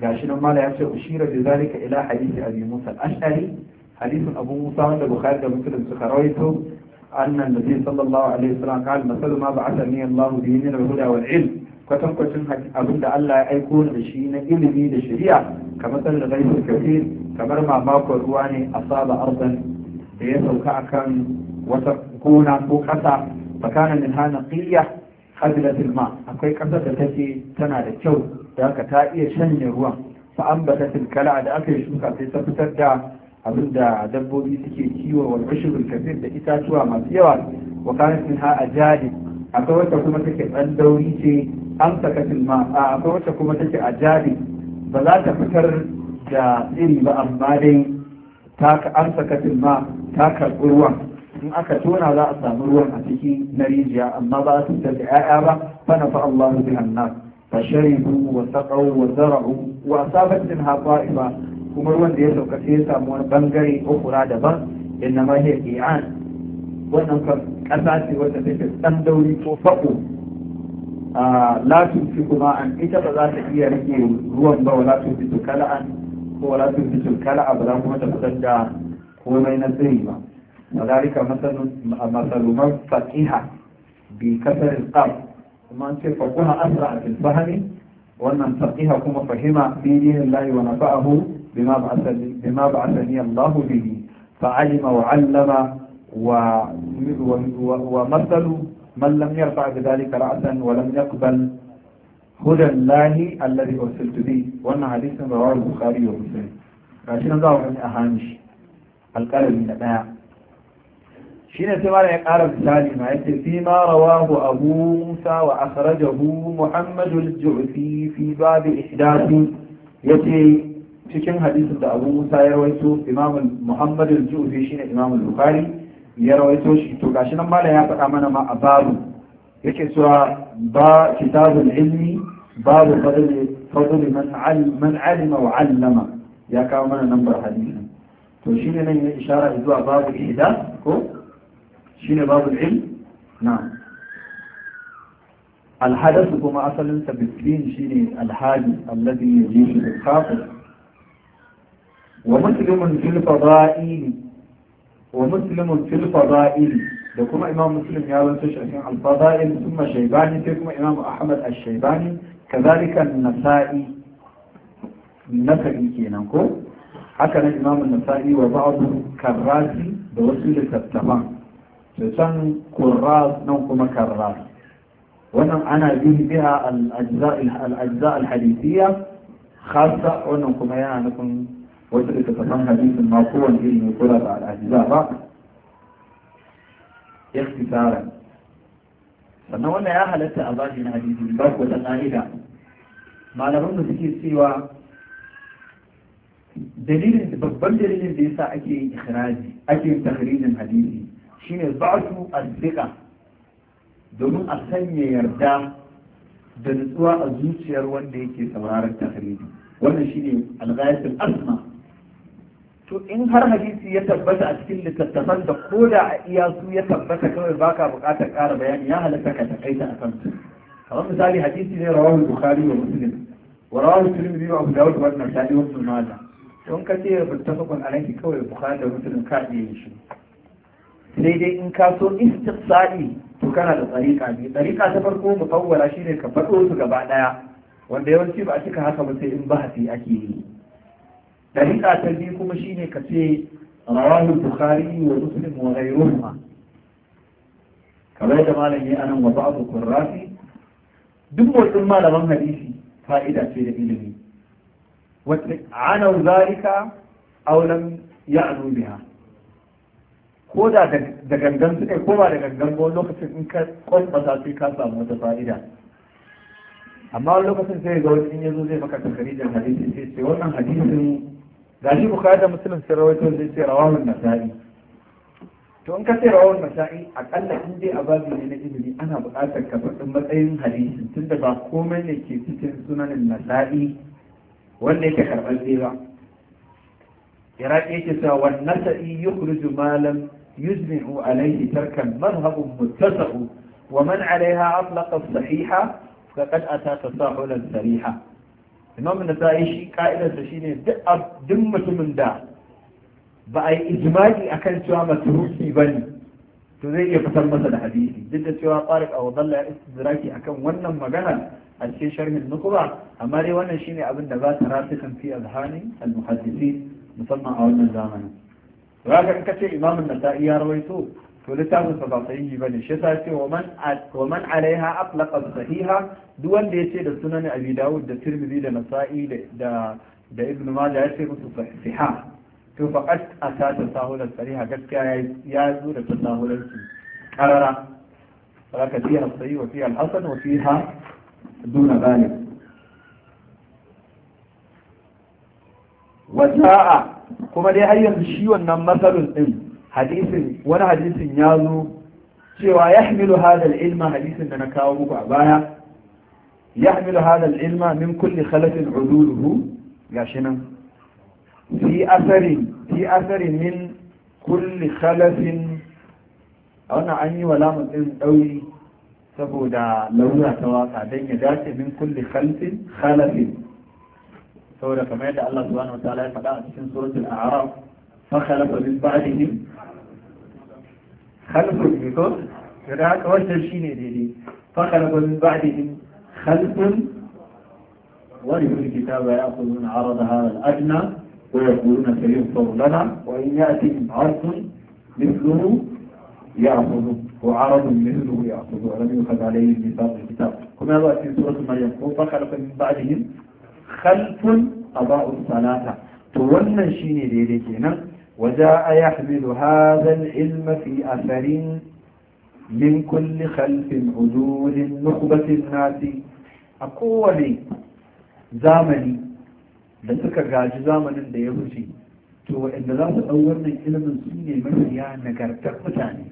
Speaker 1: gashi nan mala ya ce ushira bi zalika ila hadisi abi musa al-ash'ari hadisin abu musa wanda bukhari da muslim suka rawaito أن النبي صلى الله عليه وسلم قال مثل ما بعثني الله به من الهدى والعلم kwatan kwatan abin da Allah ya aiko da shi na ilimi da shari'a kamar da gaisu kafir kamar mamakon ruwa ne a saba arzan da ya sauka akan wata gona ko kasa fakana min hana qiyya habilatil ma akwai ƙasar da take tana da kyau da haka ta iya shanye ruwan fa ambatatil kala da aka yi shuka sai ta fitar da abin da dabbobi suke kiwo wal ushrul kathir da itatuwa masu yawa wa kanat minha ajali akwai wata kuma take dan dauri ce amsakatil ma akwai wata kuma take ajali ba za ta fitar da iri ba amma dai ta amsakatil ma ta karɓi ruwan in aka tona za a samu ruwan a ciki na rijiya amma ba su da 'ya'ya ba fa nafa Allah bi annas fa sharibu wa saqaw wa zara'u wa asabat min haqa'iba kuma ruwan da ya sauka sai ya samu wani bangare ukura daban inna ma hiya qi'an wannan kan kasa ce wacce take dan dauri ko fako la fi kuma an ita ba za ta iya rike ruwan ba wala tunfi kala'an ko wala ba za kuma ta fitar da komai na tsiri ba وذلك مثل مثل من فقه بكسر القلب ثم أنت فقه أسرع في الفهم وأن فقه كما فهم في دين الله ونفعه بما بعثني بما بعثني الله به فعلم وعلم ومثل من لم يرفع بذلك رأسا ولم يقبل هدى الله الذي أرسلت به وأن حديث رواه البخاري ومسلم عشان ذا أهانش القلب من الآية shine sai mala ya ƙara misali ma yace fi ma rawahu abu musa wa akhrajahu muhammad al-ju'fi fi bab ihdathi yace cikin hadisin da abu musa ya rawaito imam muhammad al-ju'fi shine imam al-bukhari ya rawaito shi to gashi nan mala ya faɗa mana ma a babu yake cewa ba kitabul ilmi babu fadli fadli man alim man alima wa allama ya kawo mana nambar hadisin to shine nan ya isharar zuwa babu ihdath ko Shi ne babu ilm na alhadasu kuma asalin sa shi ne alhadi alladhi yajibu al-kafir wa musulmin filfa fada'il wa muslimun fil fada'il da kuma imam muslim ya rawaito shafin a cikin al-fada'il kuma sai kuma imam ahmad ash-shaybani kadhalika an-nasa'i nasa'i kenan ko haka nan imam an-nasa'i wa ba'd karrasi da wasu littattafan da can kurra nan kuma karra wannan ana yin biha al-ajza al-hadithiyya khassa wannan kuma yana nufin wasu littattafan hadisin ma kowane iri ne kula da al-ajza sannan wannan ya halatta a bashi na hadisi ba da ka'ida malaman da cewa babban dalilin da yasa ake ikhraji ake tahrijin shine ba'su al-thiqa domin a sanya yarda da nutsuwa a zuciyar wanda yake sauraron tahriri wannan shine al-ghayatul asma to in har hadisi ya tabbata a cikin littattafan da koda a iyasu ya tabbata kawai baka buƙatar ƙara bayani ya halatta ka takaita a kan kamar misali hadisi ne rawahu bukhari wa muslim wa rawahu tirmidhi wa abu dawud wa an-nasa'i wa ibn majah don ka ce muttafaqun alayhi kawai bukhari da muslim ka iya shi sai dai in ka so istifsali to kana da tsarika ne tsarika ta farko shi shine ka faɗo su gaba ɗaya wanda yawanci ba a cika haka ba sai in ba bahasi ake yi tsarika ta biyu kuma shine ka ce rawahu bukhari wa muslim wa ghayruhuma kamar da malam ya anan wa ba'd qurrafi duk wannan malaman hadisi fa'ida ce da ilimi wa anau zalika aw lam ya'nu biha ko da da gangan suka ko ba da gangan ba lokacin in ka kwalbasa sai ka samu wata fa'ida amma wani lokacin sai ga wani in yazo zai maka takarijin hadisi sai sai wannan hadisin gashi bukhari da muslim sai rawaito zai sai rawahun nasa'i to in ka sai rawahun nasa'i akalla in dai a babu ne na ilimi ana buƙatar ka faɗi matsayin tun tunda ba komai ne ke cikin sunanin nasa'i wanda yake karɓar ba iraki yake cewa wannan sa'i yukhruju malam يجمع عليه تركا مذهب متسع ومن عليها أطلق الصحيحة فقد أتى تساهلا صريحا إمام النسائي شي قائلة شيء دمة من دا بأي إجماعي أكل شوى متروكي بني تزيي فتر مثل حديثي ضد شوى طارق أو ظل استدراكي أكل ونم مجانا a cikin sharhin nukuba amma dai wannan shine abin da ba ta rasikan fi azhanin al-muhaddisin musamman a wannan zamanin راجل كثير امام النسائي سوء ولتاه الصفاطيني بن شتات ومن ومن عليها اطلق الصحيحه دون ديتي ده ابي داود ده الترمذي ده دا ده ابن ماجه ايش يقول صحيحه تو فقد اتى تساهل الصريحه قد يا زور التساهل قرر فلك فيها الصحيح وفيها الحسن وفيها دون غالب وجاء kuma dai har yanzu shi wannan matsalin din hadisin wani hadisin ya zo cewa ya hamilu hadal ilma hadisin da na kawo muku a baya ya hamilu hadal ilma min kulli khalafin uduluhu shi nan fi asari fi asari min kulli khalafin a wannan an yi wa ɗin ɗauri saboda laura ta waka don ya dace min kulli khalafin khalafin saboda kamar yadda Allah subhanahu wa ta'ala ya faɗa a cikin suratul a'raf fa khalafa min ba'dihim khalfun ne ko da haka wannan shine daidai fa khalafa min ba'dihim khalfun ورثوا الكتاب يأخذون عرض هذا الأدنى ويقولون سيغفر لنا وإن يأتهم عرض مثله يأخذه وعرض مثله يأخذه ولم يؤخذ عليه ميثاق الكتاب كما يأتي سورة مريم فخلق من بعدهم khalfun aba'u salata to wannan shine daidai kenan وجاء يحمل هذا العلم في أثر من كل خلف عدول نخبة a kowane zamani da suka gaji zamanin da ya wuce to inda za su ɗau wannan ilimin su ne mafiya nagartar mutane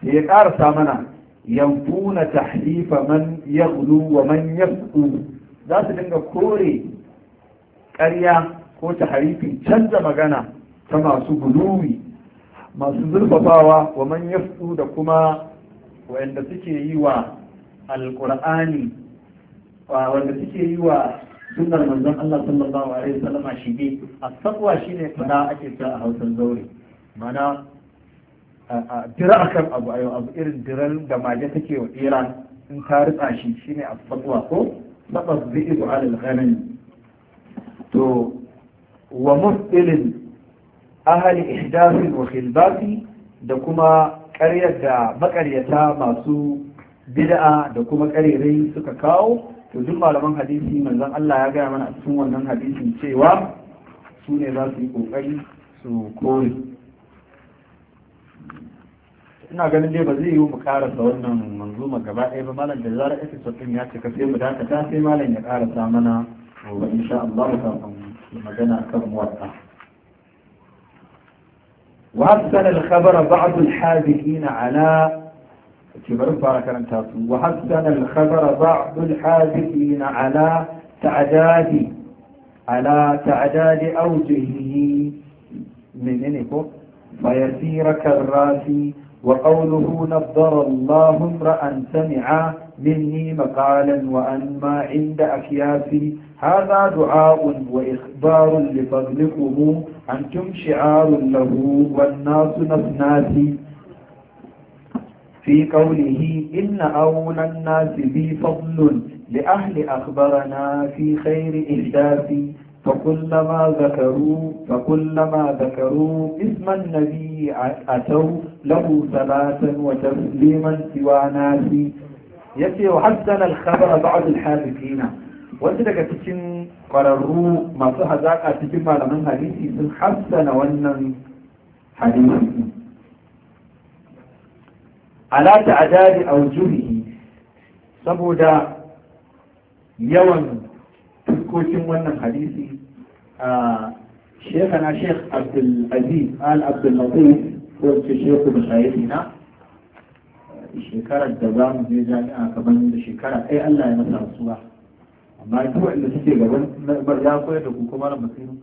Speaker 1: sai ya ƙarasa mana yamfuna tahlifa man yaghlu wa man yafqu za su dinga kore ƙarya ko ta harifin canza magana ta masu guluwi masu zurfafawa wa man yaftu da kuma wanda suke yi wa alƙur'ani wanda suke yi wa sunar manzon Allah sallallahu alaihi wasallam shige as shi shine fada ake sa a Hausar zaure mana a dira akan abu ayo abu irin diran da maje take wa Iran in ta rutsa shi shine a saqwa ko laqad bi'u 'ala al-ghanam to wa muftilin ahli ihdath wa khilbati da kuma ƙaryar da makaryata masu bida'a da kuma ƙarerai suka kawo to duk malaman hadisi manzon Allah ya gaya mana a cikin wannan hadisin cewa su ne za su yi kokari su kore ina ganin dai ba zai yi mu karasa wannan manzuma gaba ɗaya ba malam da zarar episode din ya cika sai mu ta sai malam ya karasa mana wa insha Allah kafin magana kan muwatta وأرسل الخبر بعض الحاذقين على وحسن الخبر بعض الحاذقين على تعداد على تعداد أوجهه من إنكم فيسير كالراسي وقوله نظر الله امرأ سمع مني مقالا وأنما عند أكيافي هذا دعاء وإخبار لفضلكم أنتم شعار له والناس نفناتي في قوله إن أولى الناس بي فضل لأهل أخبرنا في خير إهدافي فكلما ذكروا فكلما ذكروا اسم النبي أتوا له صلاة وتسليما سوى ناسي يأتي وحسن الخبر بعض الحادثين wasu daga cikin ƙwararru masu hazaƙa cikin malaman hadisi sun hassana wannan hadisi ala a aujuhi saboda yawan fuskokin wannan hadisi آه، شيخنا شيخ عبد العزيز آل عبد اللطيف هو الشيخ آه، آه، من خيرنا شكرا الدوام في جامعة كمان شكرا أي الله ينصر الصباح ما يتوع إلا شيء قبل بريا قوي لو كم أنا مكينه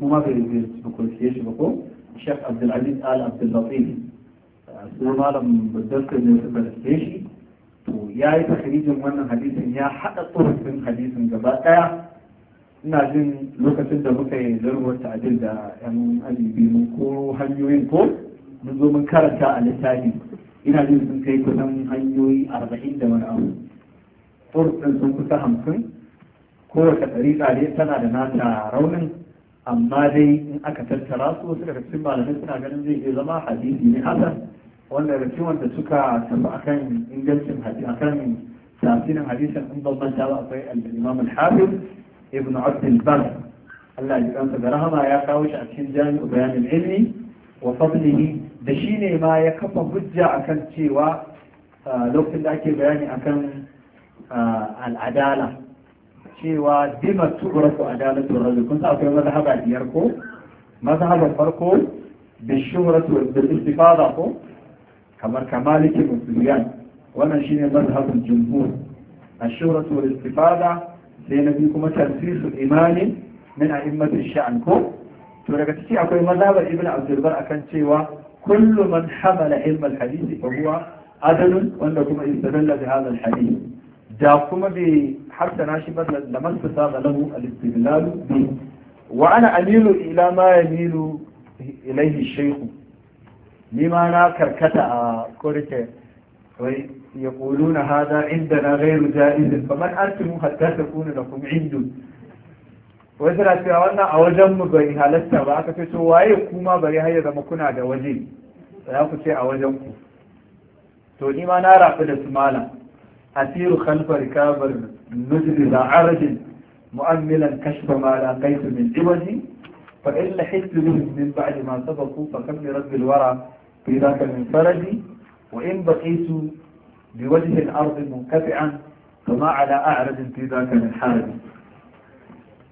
Speaker 1: كم ما في في بكل شيء شبكو شيخ عبد العزيز آل عبد اللطيف هو ما لم بدرس إنه يسبر الشيء ويا يتخليج من حديث يا حتى طرق من حديث جبال ina jin lokacin da muka yi zarwar ta'adil da yan alibi mun ko hanyoyin ko mun zo mun karanta a littafi ina jin sun kai kusan hanyoyi arba'in da wani abu turɗin sun kusa hamsin kowace ɗariƙa ne tana da nata raunin amma dai in aka tattara su wasu daga cikin malamai suna ganin zai iya zama hadisi ne hasan wanda daga cikin wanda suka tafi akan ingancin hadisi akan tafsirin hadisin in ban manta ba akwai al-imam al-hafiz ibn abdul bar Allah ya kansa da rahama ya kawo shi a cikin jami'u bayanin ilmi wa fadlihi da shi ne ma ya kafa hujja akan cewa lokacin da ake bayani akan al'adala cewa bima tu'rafu adalatu rajul kun sa akwai mazhaba biyar ko mazhaban farko da shuhratu da istifada ko kamar kamaliki musulmiyan wannan shine mazhabul jumhur الشهرة والاستفادة sai na biyu kuma tarfisul imanin min a'immatin sha'an ko to daga ciki akwai mazhabar Ibn abdulbar akan cewa kullu man hamala ilmal hadisi hadith fa huwa adalun wanda kuma istadalla bi hadha al da kuma bai harsana shi ba da masu saba lahu al-istidlal wa ana amilu ila ma yamilu ilayhi shaykh ni ma na karkata a korike wai يقولون هذا عندنا غير جائز فمن أنتم حتى تكون لكم عند wasu na cewa wannan a wajen mu bai halatta ba aka ce to waye kuma bari har ya zama kuna da waje za ku ce a wajen ku to ni ma na rafi da su malam asiru khalfa rikabar nujri da arjin mu'ammilan kashfa ma la qaitu min iwaji fa in lahitu min ba'di ma sabaku fa kam li rabbil wara fi dhaka min faradi wa in baqitu بوجه الأرض منقطعا فما على اعرج في ذاك من حارب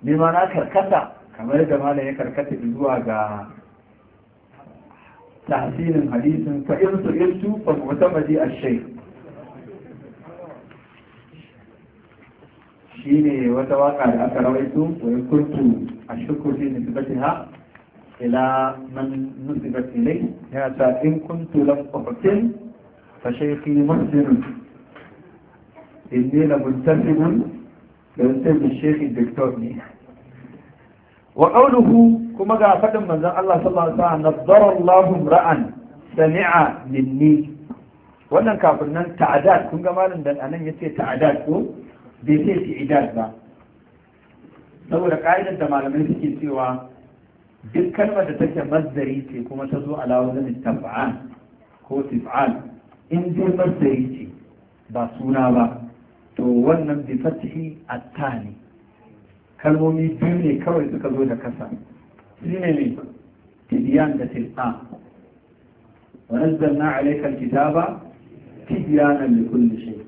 Speaker 1: لما لا كركتا كما يجب ما لا يكركتا إذوا تحسين حديث فان إرسو فمعتمدي الشيخ شيني وتواقع الأكرا ويتو وإن كنت اشك في نسبتها إلى من نسبت إليه هذا إن كنت لم أحسن فشيخي مسلم إني لمنتسب لمنتسب الشيخ الدكتور لي وقوله كما قال فدم من الله صلى الله عليه وسلم نضر الله امرأ سمع مني wannan kafin nan ta'adat kun ga malam da anan yace ta'adat ko bai sai ti'adat ba saboda ka'idar da malamai suke cewa duk kalmar da take mazdari ce kuma ta zo ala wazan taf'al ko tif'al in dai masdari ce ba suna ba to wannan bi fatihi atta ne kalmomi biyu ne kawai suka zo da kasa shine ne tibiyan da tilqa wa nazzalna alayka alkitaba tibyanan li kulli shay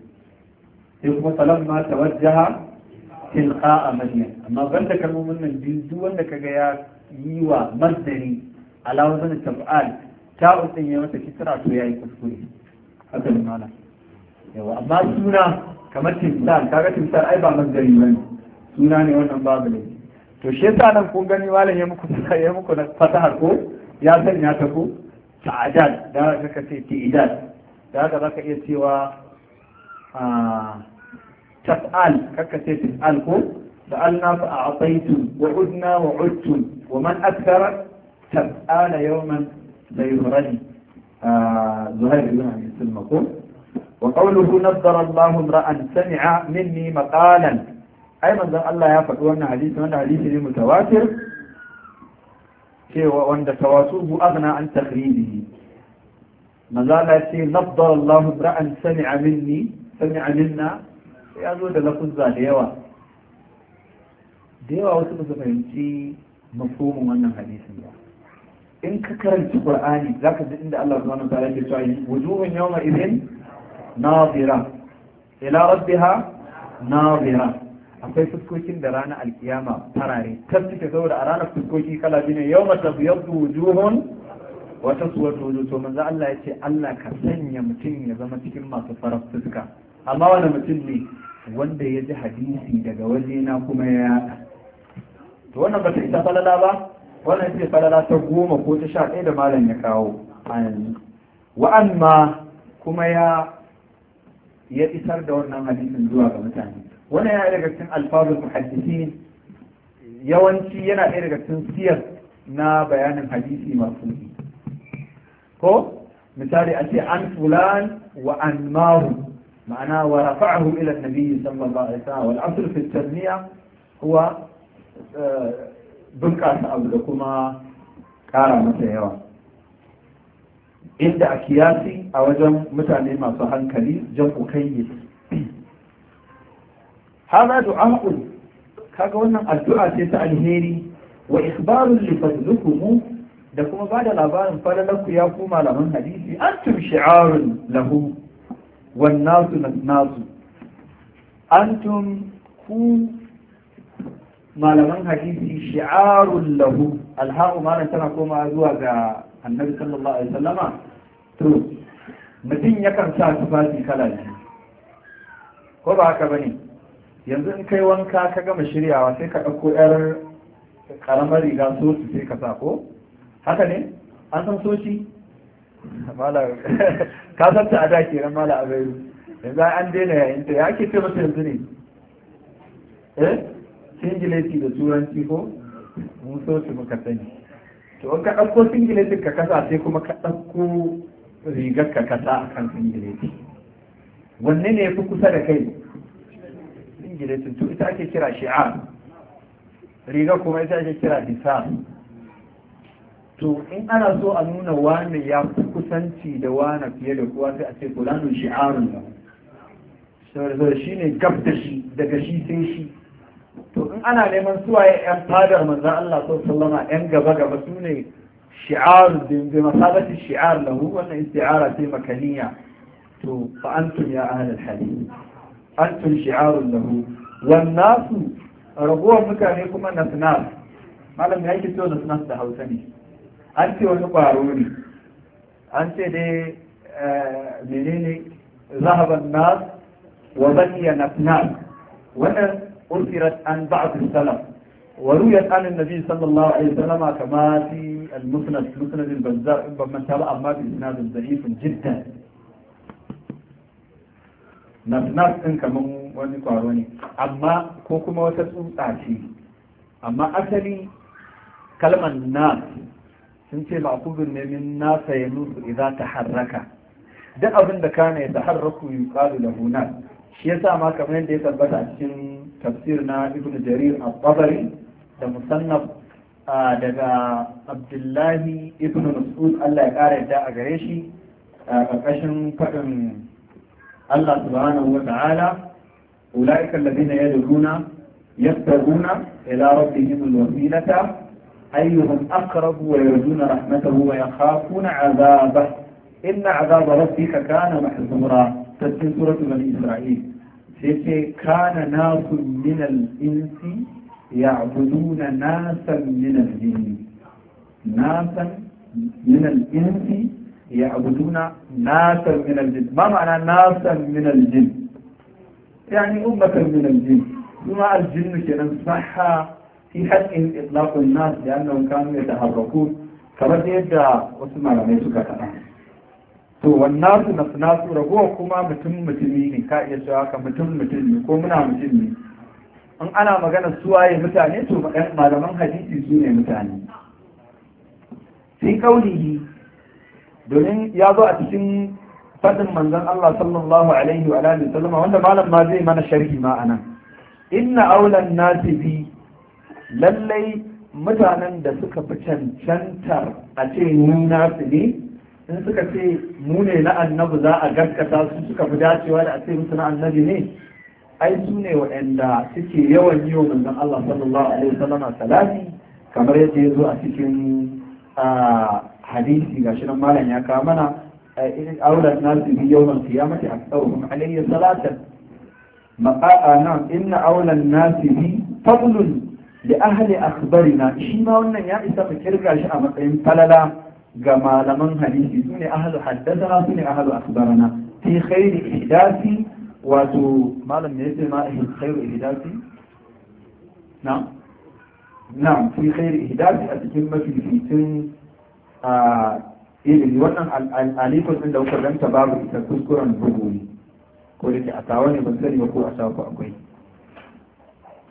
Speaker 1: sai kuma ma tawajjaha tilqa a madyan amma banda kalmomin nan biyu duk wanda kaga ya yi wa masdari alawazan taf'al ta'u din ya masa kitara to yi kuskure haka mana yawa amma suna kamar timsar kaga timsar ai ba mazgari ba ne suna ne wannan babu ne to shi yasa nan kun gani malam ya muku ya muku fasahar ko ya sanya ta ko ta'adad da haka ka ce ti'idad da haka zaka iya cewa tas'al kakka ce tas'al ko da alna fa a'taytum wa udna wa udtum wa man akthara tas'ala yawman la yurani زهير بن أبي سلمة وقوله نظر الله امرأ سمع مني مقالا أيضا ذا الله يفعل وانا حديث وانا حديث متواتر cewa wanda tawasuhu aghna an takhrijihi Mazalaci ce nabdar Allah sami'a minni sami'a minna ya zo da lafuzza da yawa da yawa wasu ba su fahimci mafhumin wannan hadisin ba in ka karanta qur'ani zaka ji inda Allah subhanahu wataala yake cewa wujuhun yawma idhin nadira ila rabbiha nadira akwai fuskokin da rana alkiyama farare tabbata saboda a ranar fuskoki kala biyu ne yawma tabyaddu wujuhun wa taswadu wujuh to manzo Allah yace Allah ka sanya mutum ya zama cikin masu farar fuska amma wani mutum ne wanda ya ji hadisi daga wajena kuma ya yaɗa. to wannan ba ta isa falala ba wannan ce falala ta goma ko ta sha ɗaya da malam ya kawo a yanzu wa'an ma kuma ya ya isar da wannan hadisin zuwa ga mutane wannan yana daga cikin alfazul muhaddisi yawanci yana ɗaya daga cikin siyar na bayanin hadisi masu yi ko misali a ce an fulan wa an mahu ma'ana wa rafa'ahu ila nabi sallallahu alaihi wasallam wal asr fi at-tanmiya huwa bunƙasa abu da kuma ƙara masa yawa inda a kiyasi a wajen mutane masu hankali jam'u haza hada du'a'un kaga wannan addu'a ce ta alheri wa ikhbarul li fadlukum da kuma bada labarin falalanku ya ku malaman hadisi antum shi'arun lahu wan nasu nasu antum ku malaman hadisi shi'arun lahu alha'u malam tana koma zuwa ga annabi sallallahu alaihi wasallama to mutum yakan sa tufafi kala biyu ko ba haka bane yanzu in kai wanka ka gama shiryawa sai ka ɗauko 'yar ƙaramar riga soci sai ka sa ko haka ne an san soci ka san ta a da kenan mala a yanzu an daina yayin ta ya ke ce masa yanzu ne eh singileti da turanci ko mun so su muka sani to in ka ɗauko singileti ka kasa sai kuma ka ɗauko rigar ka kasa a kan singileti wanne ne ya fi kusa da kai singileti to ita ake kira shi'a rigar kuma ita ake kira bisa to in ana so a nuna wani ya fi kusanci da wani fiye da kowa sai a ce fulanu shi'arun da shi ne gab da shi daga shi sai shi to in ana neman ya yan fadar manzan Allah sallama yan gaba gaba su ne shi'ar bi masabati shi'ar lahu wannan isti'ara ce makaniya to fa antum ya ahlul hadith antum shi'arun lahu wan nasu ragowar mutane kuma nasnas malam ya ke so nasnas da Hausa ne an ce wani ƙwaro ne an ce dai eh, menene zahaban nas wa baqiya nasnas wannan أثرت عن بعض السلف ورويت عن النبي صلى الله عليه وسلم كما في المسند مسند البزار من تابع أما بإسناد ضعيف جدا nas ɗin kamar wani kwaro ne amma ko kuma wata tsutsa ce amma asali kalmar nas sun ce ma'akubin ne min nasa ya idan ta harraka duk abin da kana ya ta harraku yi da shi yasa ma kamar yadda ya tabbata a cikin tafsir na ibn jarir al-tabari da musannaf daga abdullahi ibn mas'ud Allah ya kara yadda a gare shi a ƙarƙashin faɗin Allah subhanahu ta'ala أولئك الذين يدعون يبتغون إلى ربهم الوسيلة أيهم أقرب ويرجون رحمته ويخافون عذابه إن عذاب ربك كان محذورا تسجيل سورة بني إسرائيل sai ce kana nasun minal insi ya na nasan minal jini nasan minal insi ya na nasan minal jini ma ma'ana nasan minal jini yani ummatan minal jini kuma aljinnu kenan saha في حق إطلاق الناس لأنهم كانوا يتحركون yadda wasu malamai suka سكة to wannan su nasu nasu ragowa kuma mutum mutumi ne ka iya cewa ka mutum mutum ne ko muna mutum ne in ana magana suwaye mutane to eh, malaman hadisi su ne mutane Sai kaulihi domin ya zo a cikin fadin manzon Allah sallallahu alaihi wa alihi sallama wanda malam ma zai mana sharhi ma anan inna aulan nasi bi lallai mutanen da suka fi cancantar a ce ni nasu ne in suka ce mu ne na annabi za a gaskata su suka fi dacewa da a ce musu na annabi ne ai su ne waɗanda suke yawan yi wa manzon Allah sallallahu alaihi wasallam salati kamar yadda ya zo a cikin hadisi gashi nan malam ya kawo mana na أولى الناس في يوم القيامة أكثرهم عليه صلاة نعم إن أولى الناس بي فضل لأهل أخبارنا شيما wannan ya isa mu kirga shi a matsayin falala ga malaman hadisi su ne ahalu haddasa su ne ahalu akbarana fi khairi ihdasi wato malam ne yace ma khairu ihdasi na na fi khairi ihdasi a cikin fitin a ilimi wannan alikun din da kuka danta babu ita kuskuren rubuni ko da ke a tawa ne ban sani ba ko a ku akwai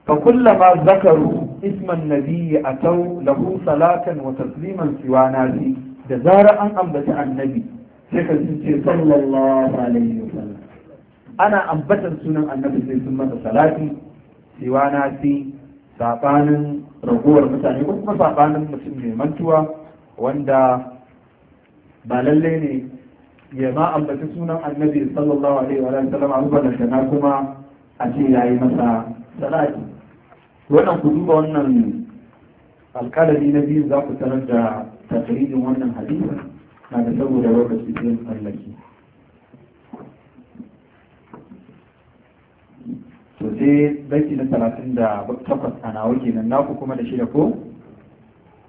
Speaker 1: فكلما ذكروا اسم النبي أتوا له صلاة وتسليما سوى نازي da zara an ambaci annabi sai ka sun ce sallallahu alaihi wa sallam ana ambatan sunan annabi sai sun masa salati siwa na fi sabanin ragowar mutane ko kuma sabanin mutum mai mantuwa wanda ba lalle ne ya ma ambaci sunan annabi sallallahu alaihi wa sallam a rubar da kuma a ce ya yi masa salati wannan ku duba wannan alkalami na biyu za ku tarar da تقريبا وانا حديثة ما نسوي جواب السبيل فلكي سوزي بيتنا ثلاثين دا بكتفت انا وجهي من ناقكم انا شيركو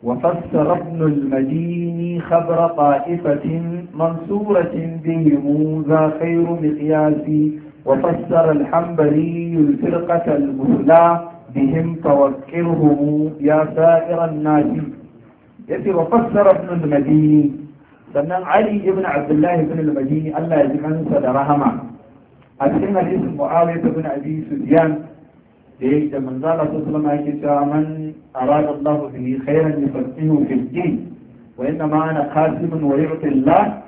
Speaker 1: وفسر ابن المدين خبر طائفة منصورة بهم ذا خير مقياس وفسر الحنبلي الفرقة المثلى بهم توكلهم يا سائر الناس yace wa fassara ibn al-madini sannan ali ibn abdullah ibn al-madini Allah ya ji kansa da rahama a cikin hadisin muawiya ibn abi sufyan da yake da manzo Allah sallallahu alaihi yake cewa man arada Allah bihi khairan yufaqihu fi din wa inna ma ana qasimun wa yu'ti Allah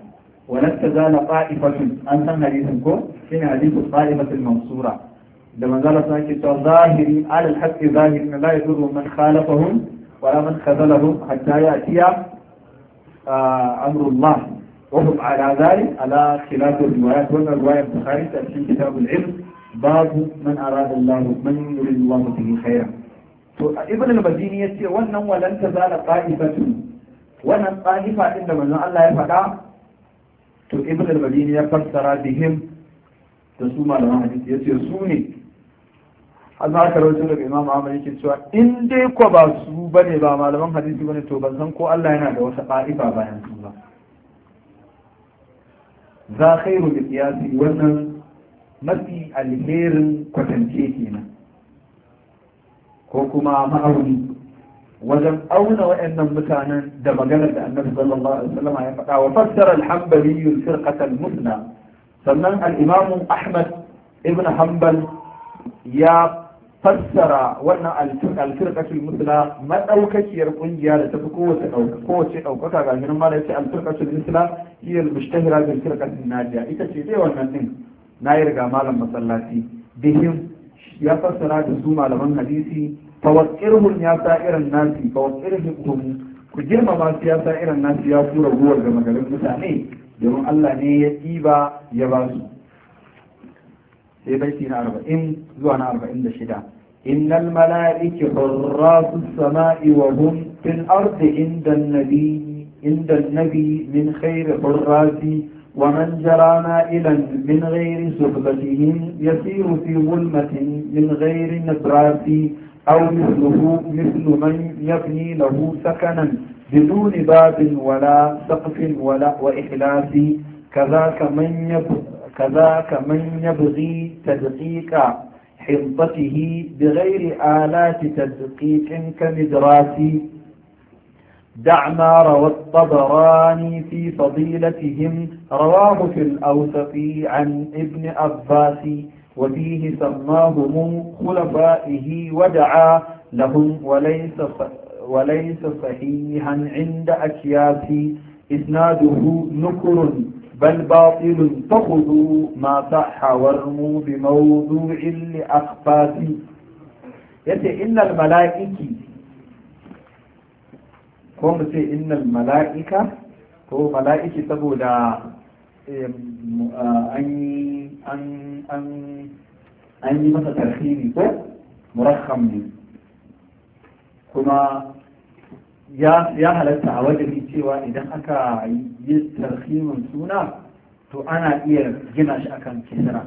Speaker 1: wa la tazala qa'ifatun an san hadisin ko shine hadisin qa'ifatul mansura da manzo Allah sallallahu alaihi yake cewa zahiri ala al-haqqi zahirin la yadurru man khalafahum ولا من خذله حتى يأتي أمر الله وهم على ذلك على خلاف الروايات وأن الرواية البخاري تأتي كتاب العلم باب من أراد الله من يريد الله به خيرا ابن المديني يتي وأن ولن تزال طائفة وأن طائفة عندما الله يفعل to ibn al-madini ya fassara bihim da su malaman hadisi yace su ne an za ka rawaito daga imam ahmad yake cewa in dai ko ba su ne ba malaman hadisi ne to ban san ko Allah yana da wata baifa bayan su ba za khairu bil qiyasi wannan mafi alherin kwatance kenan ko kuma ma'auni wajen auna wa'annan mutanen da maganar da annabi sallallahu alaihi wasallam ya faɗa wa fassara al-hanbali musna sannan al-imam ahmad ibn hanbal ya fassara wannan alfirkacin musula maɗaukakiyar ƙungiya da ta fi kowace kowace ɗaukaka ga girma mara ce alfirkacin musula shi al hira bil firqatin najiya ita ce zai wannan din na yi riga malam masallaci bihim ya fassara da su malaman hadisi fawaqqirhum ya sa irin nasi fawaqqirhum ku girmama su ya irin nasi ya kura ruwar ga magarin mutane domin Allah ne ya ɗiba ya ba su إن الملائكة حراس السماء وهم في الأرض عند النبي عند النبي من خير حراس ومن جرى مائلا من غير صحبتهم يسير في ظلمة من غير نبراس أو مثله مثل من يبني له سكنا بدون باب ولا سقف ولا وإحلاس كذاك من يبقى كذاك من يبغي تدقيق حنطته بغير آلات تدقيق كمدراسي دع ما روى الطبراني في فضيلتهم رواه في الأوسط عن ابن عباس وفيه سماهم خلفائه ودعا لهم وليس وليس صحيحا عند أكياس إسناده نكر بل باطل فخذوا ما صح وارموا بموضوع لأخفاف يتي إن الملائكة كم إن الملائكة هو ملائكة سبودا أن أن أن أن مثل ترخيمي مرخم كما ya halatta a wajen cewa idan aka yi tarhimin suna to ana iya gina shi akan kisra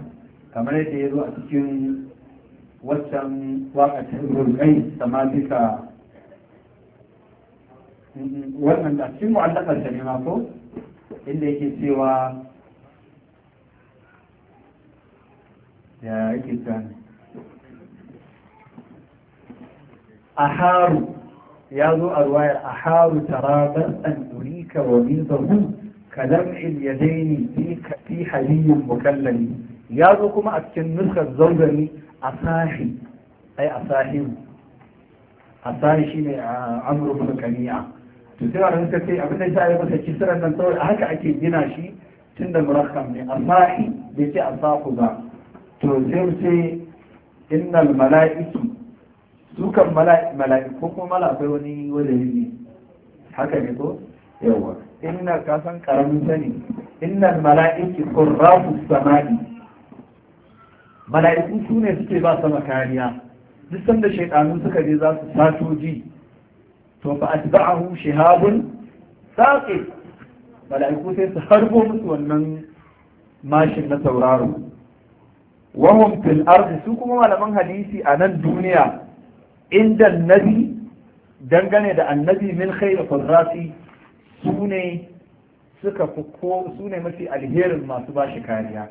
Speaker 1: kamar yadda ya zo a cikin waccan waƙacin rurkai sama bisa wannan da cikin mu'allakar ta ne ko inda yake cewa ya yake tsani a haru ya zo a ruwayar a haru tarabar an durika wa mizahu kalam ilyadaini fi haliyin mukallami ya zo kuma a cikin nuskar zaugani a sahi ai a sahihu a sahi shine a amurin kani'a to sai wani sai abin da ya yi masa kisiran nan saboda haka ake gina shi tun da murakkam ne a sahi bai ce a sahu ba to sai mu ce innal mala'iki su kan mala'iku ko kuma akwai wani ne, haka ne ko yawa inna ka san karamin sani innal mala'iki kurrafu samai mala'iku su ne suke ba sama kariya duk sanda shaydanu suka je za su sato ji to fa atba'ahu shihabun saqi mala'iku sai su harbo musu wannan mashin na sauraro wahum fil ardi su kuma malaman hadisi a nan duniya inda nabi dangane da annabi min khairu qurrati sune suka fi ko sune mafi alherin masu ba shi kariya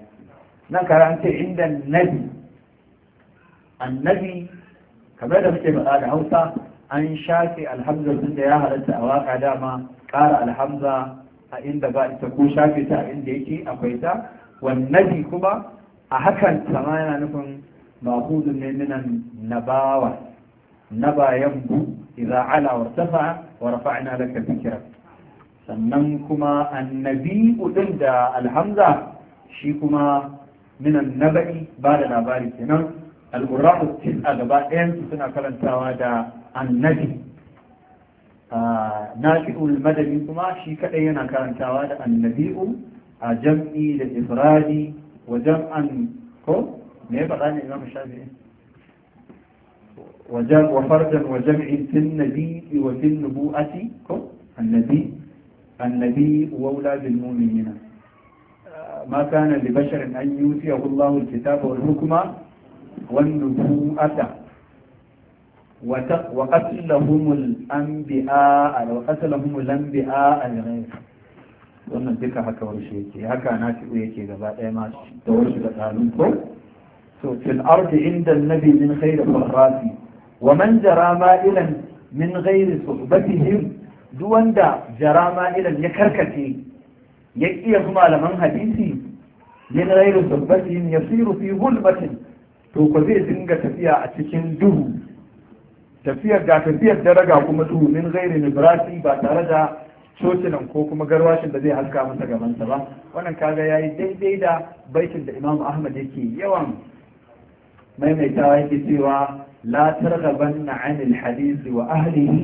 Speaker 1: nan karanta inda nabi annabi kamar da muke faɗa da Hausa an shafe alhamza da ya halatta a waka dama ƙara alhamza a inda ba ita ko shafe ta a inda yake akwai ta wannabi kuma a hakan sama yana nufin mahudun ne minan nabawa bayan yanbu idza ala wa tafa wa rafa'na laka dhikra sannan kuma annabi ɗin da alhamza shi kuma minan naba'i ba da labari kenan al-qurra'u gaba ɗayan su suna karantawa da annabi nafi'ul madani kuma shi kadai yana karantawa da annabi'u a jam'i da ifradi wa jam'an ko me ya faɗa ne imam shafi'i وجمع وفردا وجمع في النبي وفي النبوءة النبي النبي وأولاد المؤمنين آه، ما كان لبشر أن يؤتيه الله الكتاب والحكمة والنبوءة وقتلهم الأنبياء وقتلهم الأنبياء الغير wannan duka haka warshe yake haka na ci yake gaba ɗaya ma da warshe da tsarin ko so fil ardi inda nabi min wa man jara ma'ilan min ghairi suhbatihim duk wanda jara ma'ilan ya karkace ya iya su malaman hadisi min ghairi suhbatihim yasiru fi hulmatin to ko zai dinga tafiya a cikin duhu tafiyar ga tafiyar daraga kuma duhu min ghairi nibrasi ba tare da cocinan ko kuma garwashin da zai haska masa gabansa ba wannan kaga yayi daidai da baitin da Imam Ahmad yake yawan maimaitawa yake cewa لا ترغبن عن الحديث وأهله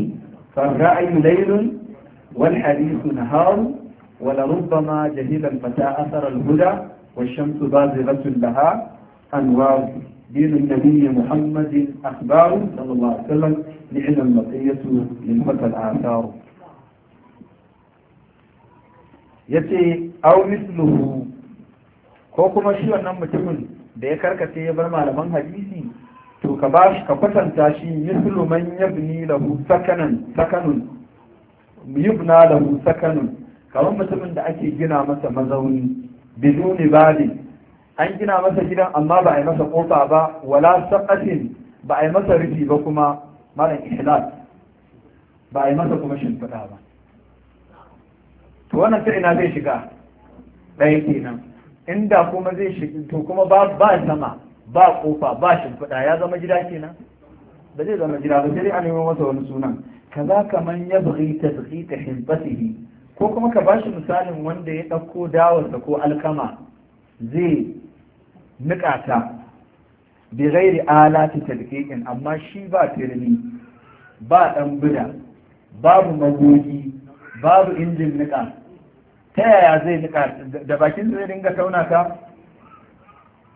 Speaker 1: فالرأي ليل والحديث نهار ولربما جهل الفتى أثر الهدى والشمس بازغة لها أنوار دين النبي محمد أخبار صلى الله عليه وسلم لعلم المطية للفتى الآثار yace أو misluhu ko kuma shi wannan mutumin da ya karkace ya bar malaman hadisi ka ba shi ka kwatanta shi mislu man yabni lahu sakanan sakanun yubna lahu sakanun kamar mutumin da ake gina masa mazauni biduni bali an gina masa gidan amma ba a yi masa kofa ba wala saqatin ba a yi masa rufi ba kuma malam ihlal ba a yi masa kuma shimfiɗa ba to wannan sai ina zai shiga ɗaya kenan inda kuma zai shiga to kuma ba ba sama ba kofa ba shimfiɗa ya zama gida kenan ba zai zama gida ba sai a nemi masa wani sunan kaza kaman ya bughi ta hibbatihi ko kuma ka bashi misalin wanda ya ɗauko dawarsa ko alkama zai niƙa ta bi ghairi alati tadqiqin amma shi ba tirmi ba ɗan bida babu magogi babu injin niƙa ta yaya zai niƙa da bakin zai dinga tauna ka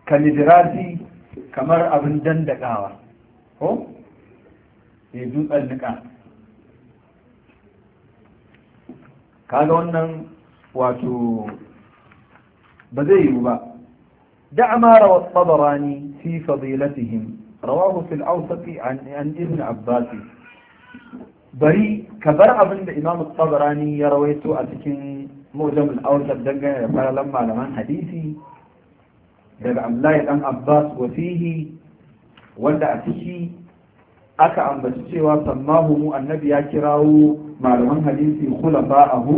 Speaker 1: kalidirati kamar abin dandakawa ko ya eh, dutsen nika kaga wannan wato ba zai yiwu ba da amara wa tsabara ne fi fadilatihim rawahu fil awsati an ibn abbasi bari ka bar abin da imamu tsabara ya rawaito a cikin mujamul awsat dangane da faralan malaman hadisi daga Abdullahi dan Abbas wa fihi wanda a ciki aka ambaci cewa sammahu mu annabi ya kirawo malaman hadisi khulafa'ahu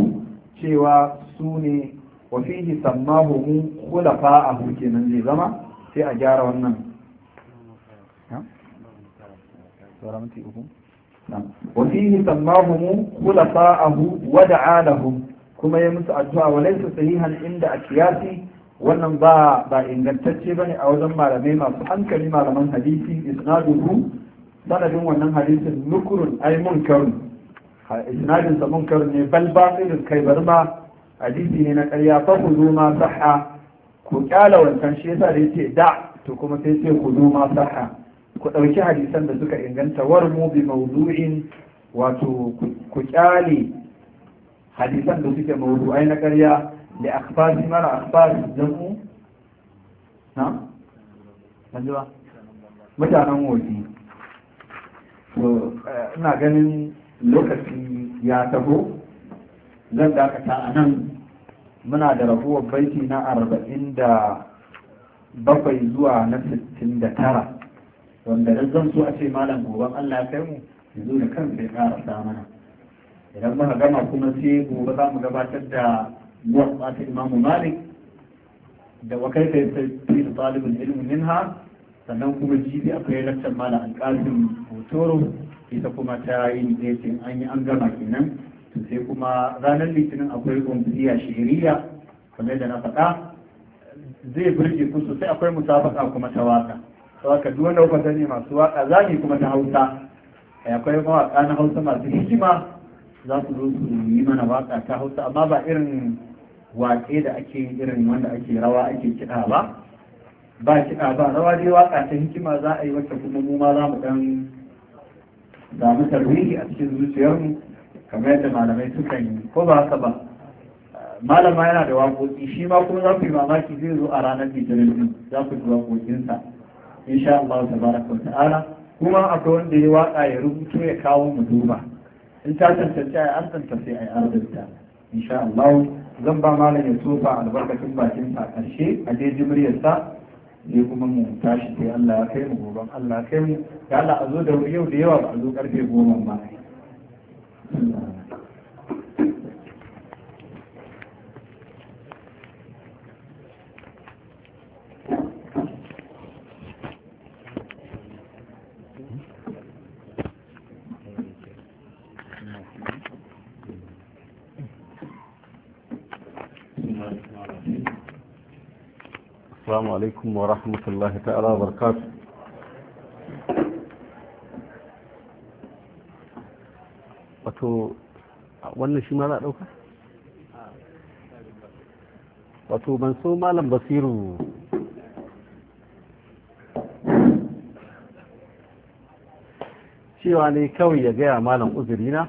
Speaker 1: cewa su ne wa fihi sammahu mu khulafa'ahu kenan zai zama sai a gyara wannan wa fihi sammahu mu khulafa'ahu wa da'alahum kuma ya musu addu'a wa laysa sahihan inda a kiyasi. wannan ba ba ingantacce ne a wajen malamai masu hankali malaman hadisi isnaduhu sanadin wannan hadisin nukurun ai munkarun isnadin sa munkarun ne bal batilun kai bar ma hadisi ne na ƙarya fa ku zo ma sahha ku kyala wancan shi yasa da yace da to kuma sai sai ku zo ma sahha ku ɗauki hadisan da suka inganta mu bi mawdu'in wato ku kyale hadisan da suke mawdu'ai na ƙarya لأخبار مرة أخبار الجمع نعم مجوة mutanen waje to eh, ina ganin lokaci ya taho zan dakata a nan muna da rabuwar baiti na arba'in da bakwai zuwa na sittin da tara wanda da zan so a ce malam goban allah ya kai mu yanzu da kansa ya karasa mana idan muka gama kuma sai gobe za mu gabatar da muwatta ta imamu malik da wakai kai fi da talibin ilmin minha sannan kuma jibi akwai lakcin mala alƙalin hotoro ita kuma ta yi an yi an gama kenan to sai kuma ranar litinin akwai kwamfiliya shiriya kamar da na faɗa zai burge ku sosai akwai musabaka kuma ta waka saboda duk wanda kuka sani masu waka za ne kuma ta hausa eh, akwai mawaka na hausa masu hikima za su zo su yi mana waka ta hausa amma ba irin waƙe da ake irin wanda ake rawa ake kiɗa ba ba kiɗa ba rawa dai waƙa ta hikima za a yi wata kuma mu ma za mu ɗan samu tarihi a cikin zuciyarmu kamar yadda malamai suka yi ko ba haka ba malama yana da waƙoƙi shi ma kuma za ku yi mamaki zai zo a ranar litinin din za ku ji waƙoƙinsa insha Allah tabaraka wa ta'ala kuma akwai wanda ya waƙa ya rubuto ya kawo mu duba in ta tantance a yi an tantance a yi arzinta insha Allah zan ba malam ya tsufa albarkacin bakin sa karshe a je jimriyarsa ne kuma mu tashi sai Allah ya kai mu goban Allah ya kai mu ya Allah a zo da yau da yawa ba a zo karfe goma ba السلام عليكم ورحمة الله تعالى وبركاته wato wannan shi ma za a ɗauka? wato ban so malam basiru cewa ne kawai ya gaya malam uzurina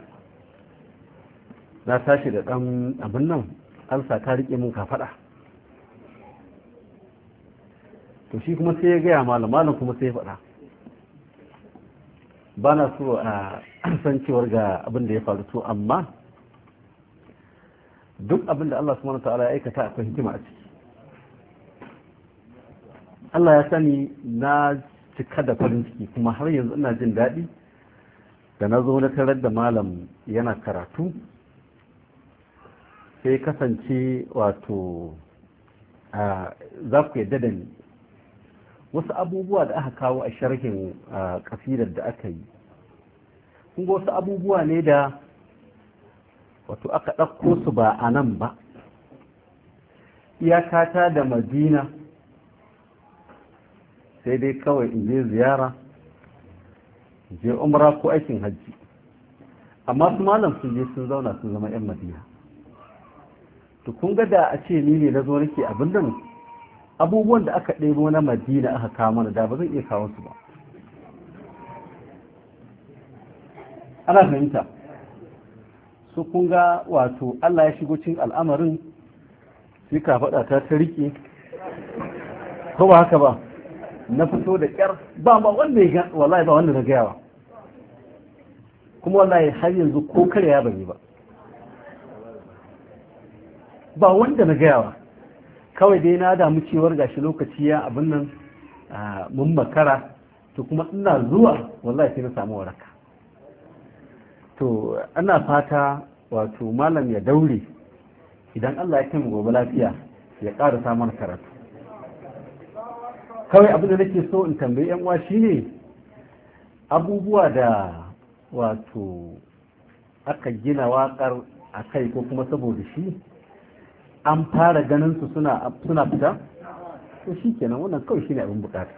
Speaker 1: na tashi da ɗan abin nan alsa ta riƙe mun kafaɗa to shi kuma sai ya gaya malam malam kuma sai ya faɗa ba na so a san cewar ga abin da ya faru to amma duk abin da Allah subhanahu ta'ala ya aikata akwai hikima a ciki Allah ya sani na cika da farin ciki kuma har yanzu ina jin daɗi da na zo na tarar da malam yana karatu sai kasance wato za ku yadda da ni wasu abubuwa da aka kawo a sharhin kasidar da aka yi kuma wasu abubuwa ne da wato aka ɗauko su ba a nan ba iyakata da madina sai dai kawai in je ziyara je umra ko aikin hajji amma su malam sun je sun zauna sun zama 'yan madina to kun ga da a ce ni ne na zo nake abin da abubuwan da aka ɗebo na madina aka kawo mana da ba zan iya kawo su ba ana fahimta su kun ga wato allah ya shigo cin al'amarin sai ka faɗa ta ta riƙe ko ba haka ba na fito da ƙyar ba ma wanda ya wallahi ba wanda na gaya ba kuma wallahi har yanzu ko karya ya yi ba ba wanda na gaya ba kawai dai na damu cewar gashi lokaci ya abin nan mun makara to kuma ina zuwa wallahi sai na samu waraka to ana fata wato malam ya daure idan Allah ya kaimu gobe lafiya ya ƙara samun karatu kawai abin da nake so in tambayi yan uwa shine abubuwa da wato aka gina waƙar a kai ko kuma saboda shi an fara ganin su suna fita to shi kenan wannan kawai shi ne abin bukata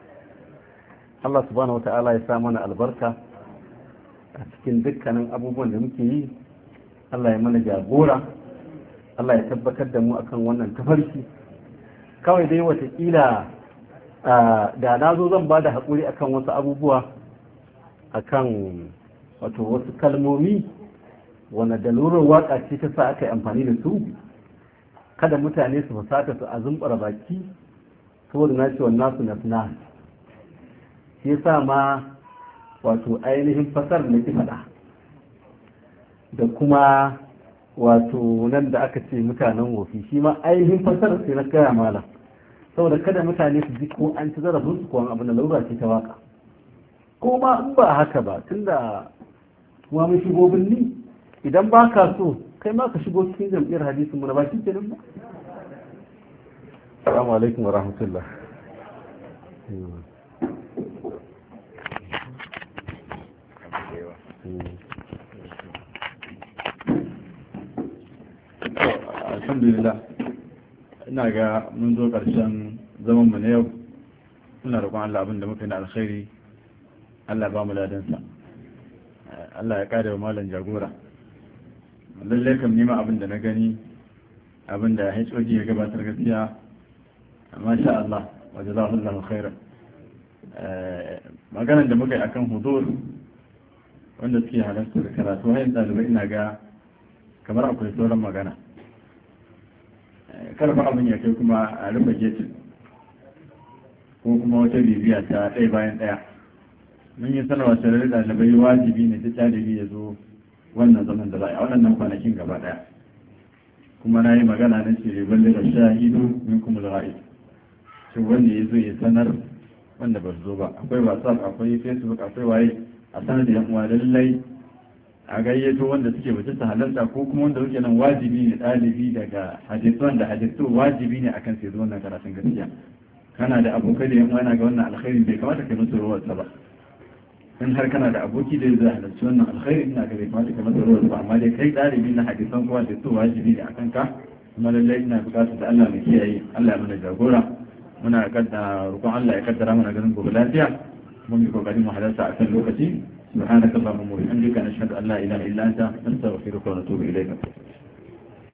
Speaker 1: Allah subhanahu wata'ala ya sa mana albarka a cikin dukkanin abubuwan da muke yi Allah ya mana jagora Allah ya tabbatar da mu akan wannan tafarki kawai dai watakila da na zo zan ba da haƙuri akan wasu abubuwa akan wato wasu kalmomi wanda dalurar waka ce ta sa aka yi amfani da su kada mutane su fasata su a baki saboda na ce wannan su suna shi sa ma wato ainihin fasar na ki faɗa da kuma wato nan da aka ce mutanen wofi shi ma ainihin fasar sai na gaya mala saboda kada mutane su ji ko an ci zarafin su ko abu abin da laura ce ta waka ko ma in ba haka ba tunda kuma mun shigo birni idan ba ka so kai ma ka shigo cikin jam'iyyar hadisin mu na baki nan ba assalamu alaikum wa rahmatullah alhamdulillah ina ga mun zo ƙarshen zaman mu na yau muna roƙon Allah abin da muka na alkhairi Allah ba mu ladansa Allah ya ƙara wa malam jagora lallai kam nima abin da na gani abin da hod ya gabatar gaskiya sha Allah wa jazakallahu khairan eh, maganar da muka yi akan hudur wanda suke da karatu hayan ɗalibai ina ga kamar akwai sauran magana eh, karfa abin ya kai kuma a rufe getin ko kuma wata bibiya ta ɗaya bayan ɗaya mun yi sanarwa tare da ɗalibai wajibi ne ta ɗalibi ya zo wannan zaman da za a wannan kwanakin gaba ɗaya kuma na yi magana na ce ban da hidu min kuma da ra'ayi shi wanda ya zo ya sanar wanda ba su zo ba akwai whatsapp akwai facebook akwai waye a sanar da yan uwa lallai a gayyato wanda suke waje su halarta ko kuma wanda suke nan wajibi ne ɗalibi daga hadisan da hadisu wajibi ne akan sai zo wannan karatun gaskiya kana da abokai da yan uwa na ga wannan alkhairi bai kamata ka musu ruwarsa ba in har kana da aboki da zai halarci wannan alkhairi ina ga ma kamata ka masa ruwa ba amma dai kai ɗalibi na hadisan kuma da su wajibi ne akan ka kuma lallai ina bukatar da Allah mai kiyaye Allah ya mana jagora muna kadda rukun Allah ya kaddara mana ganin gobe lafiya mun yi kokari mu halarta a kan lokaci subhanakallahumma wa bihamdika nashhadu an la ilaha illa anta nastaghfiruka wa natubu ilayka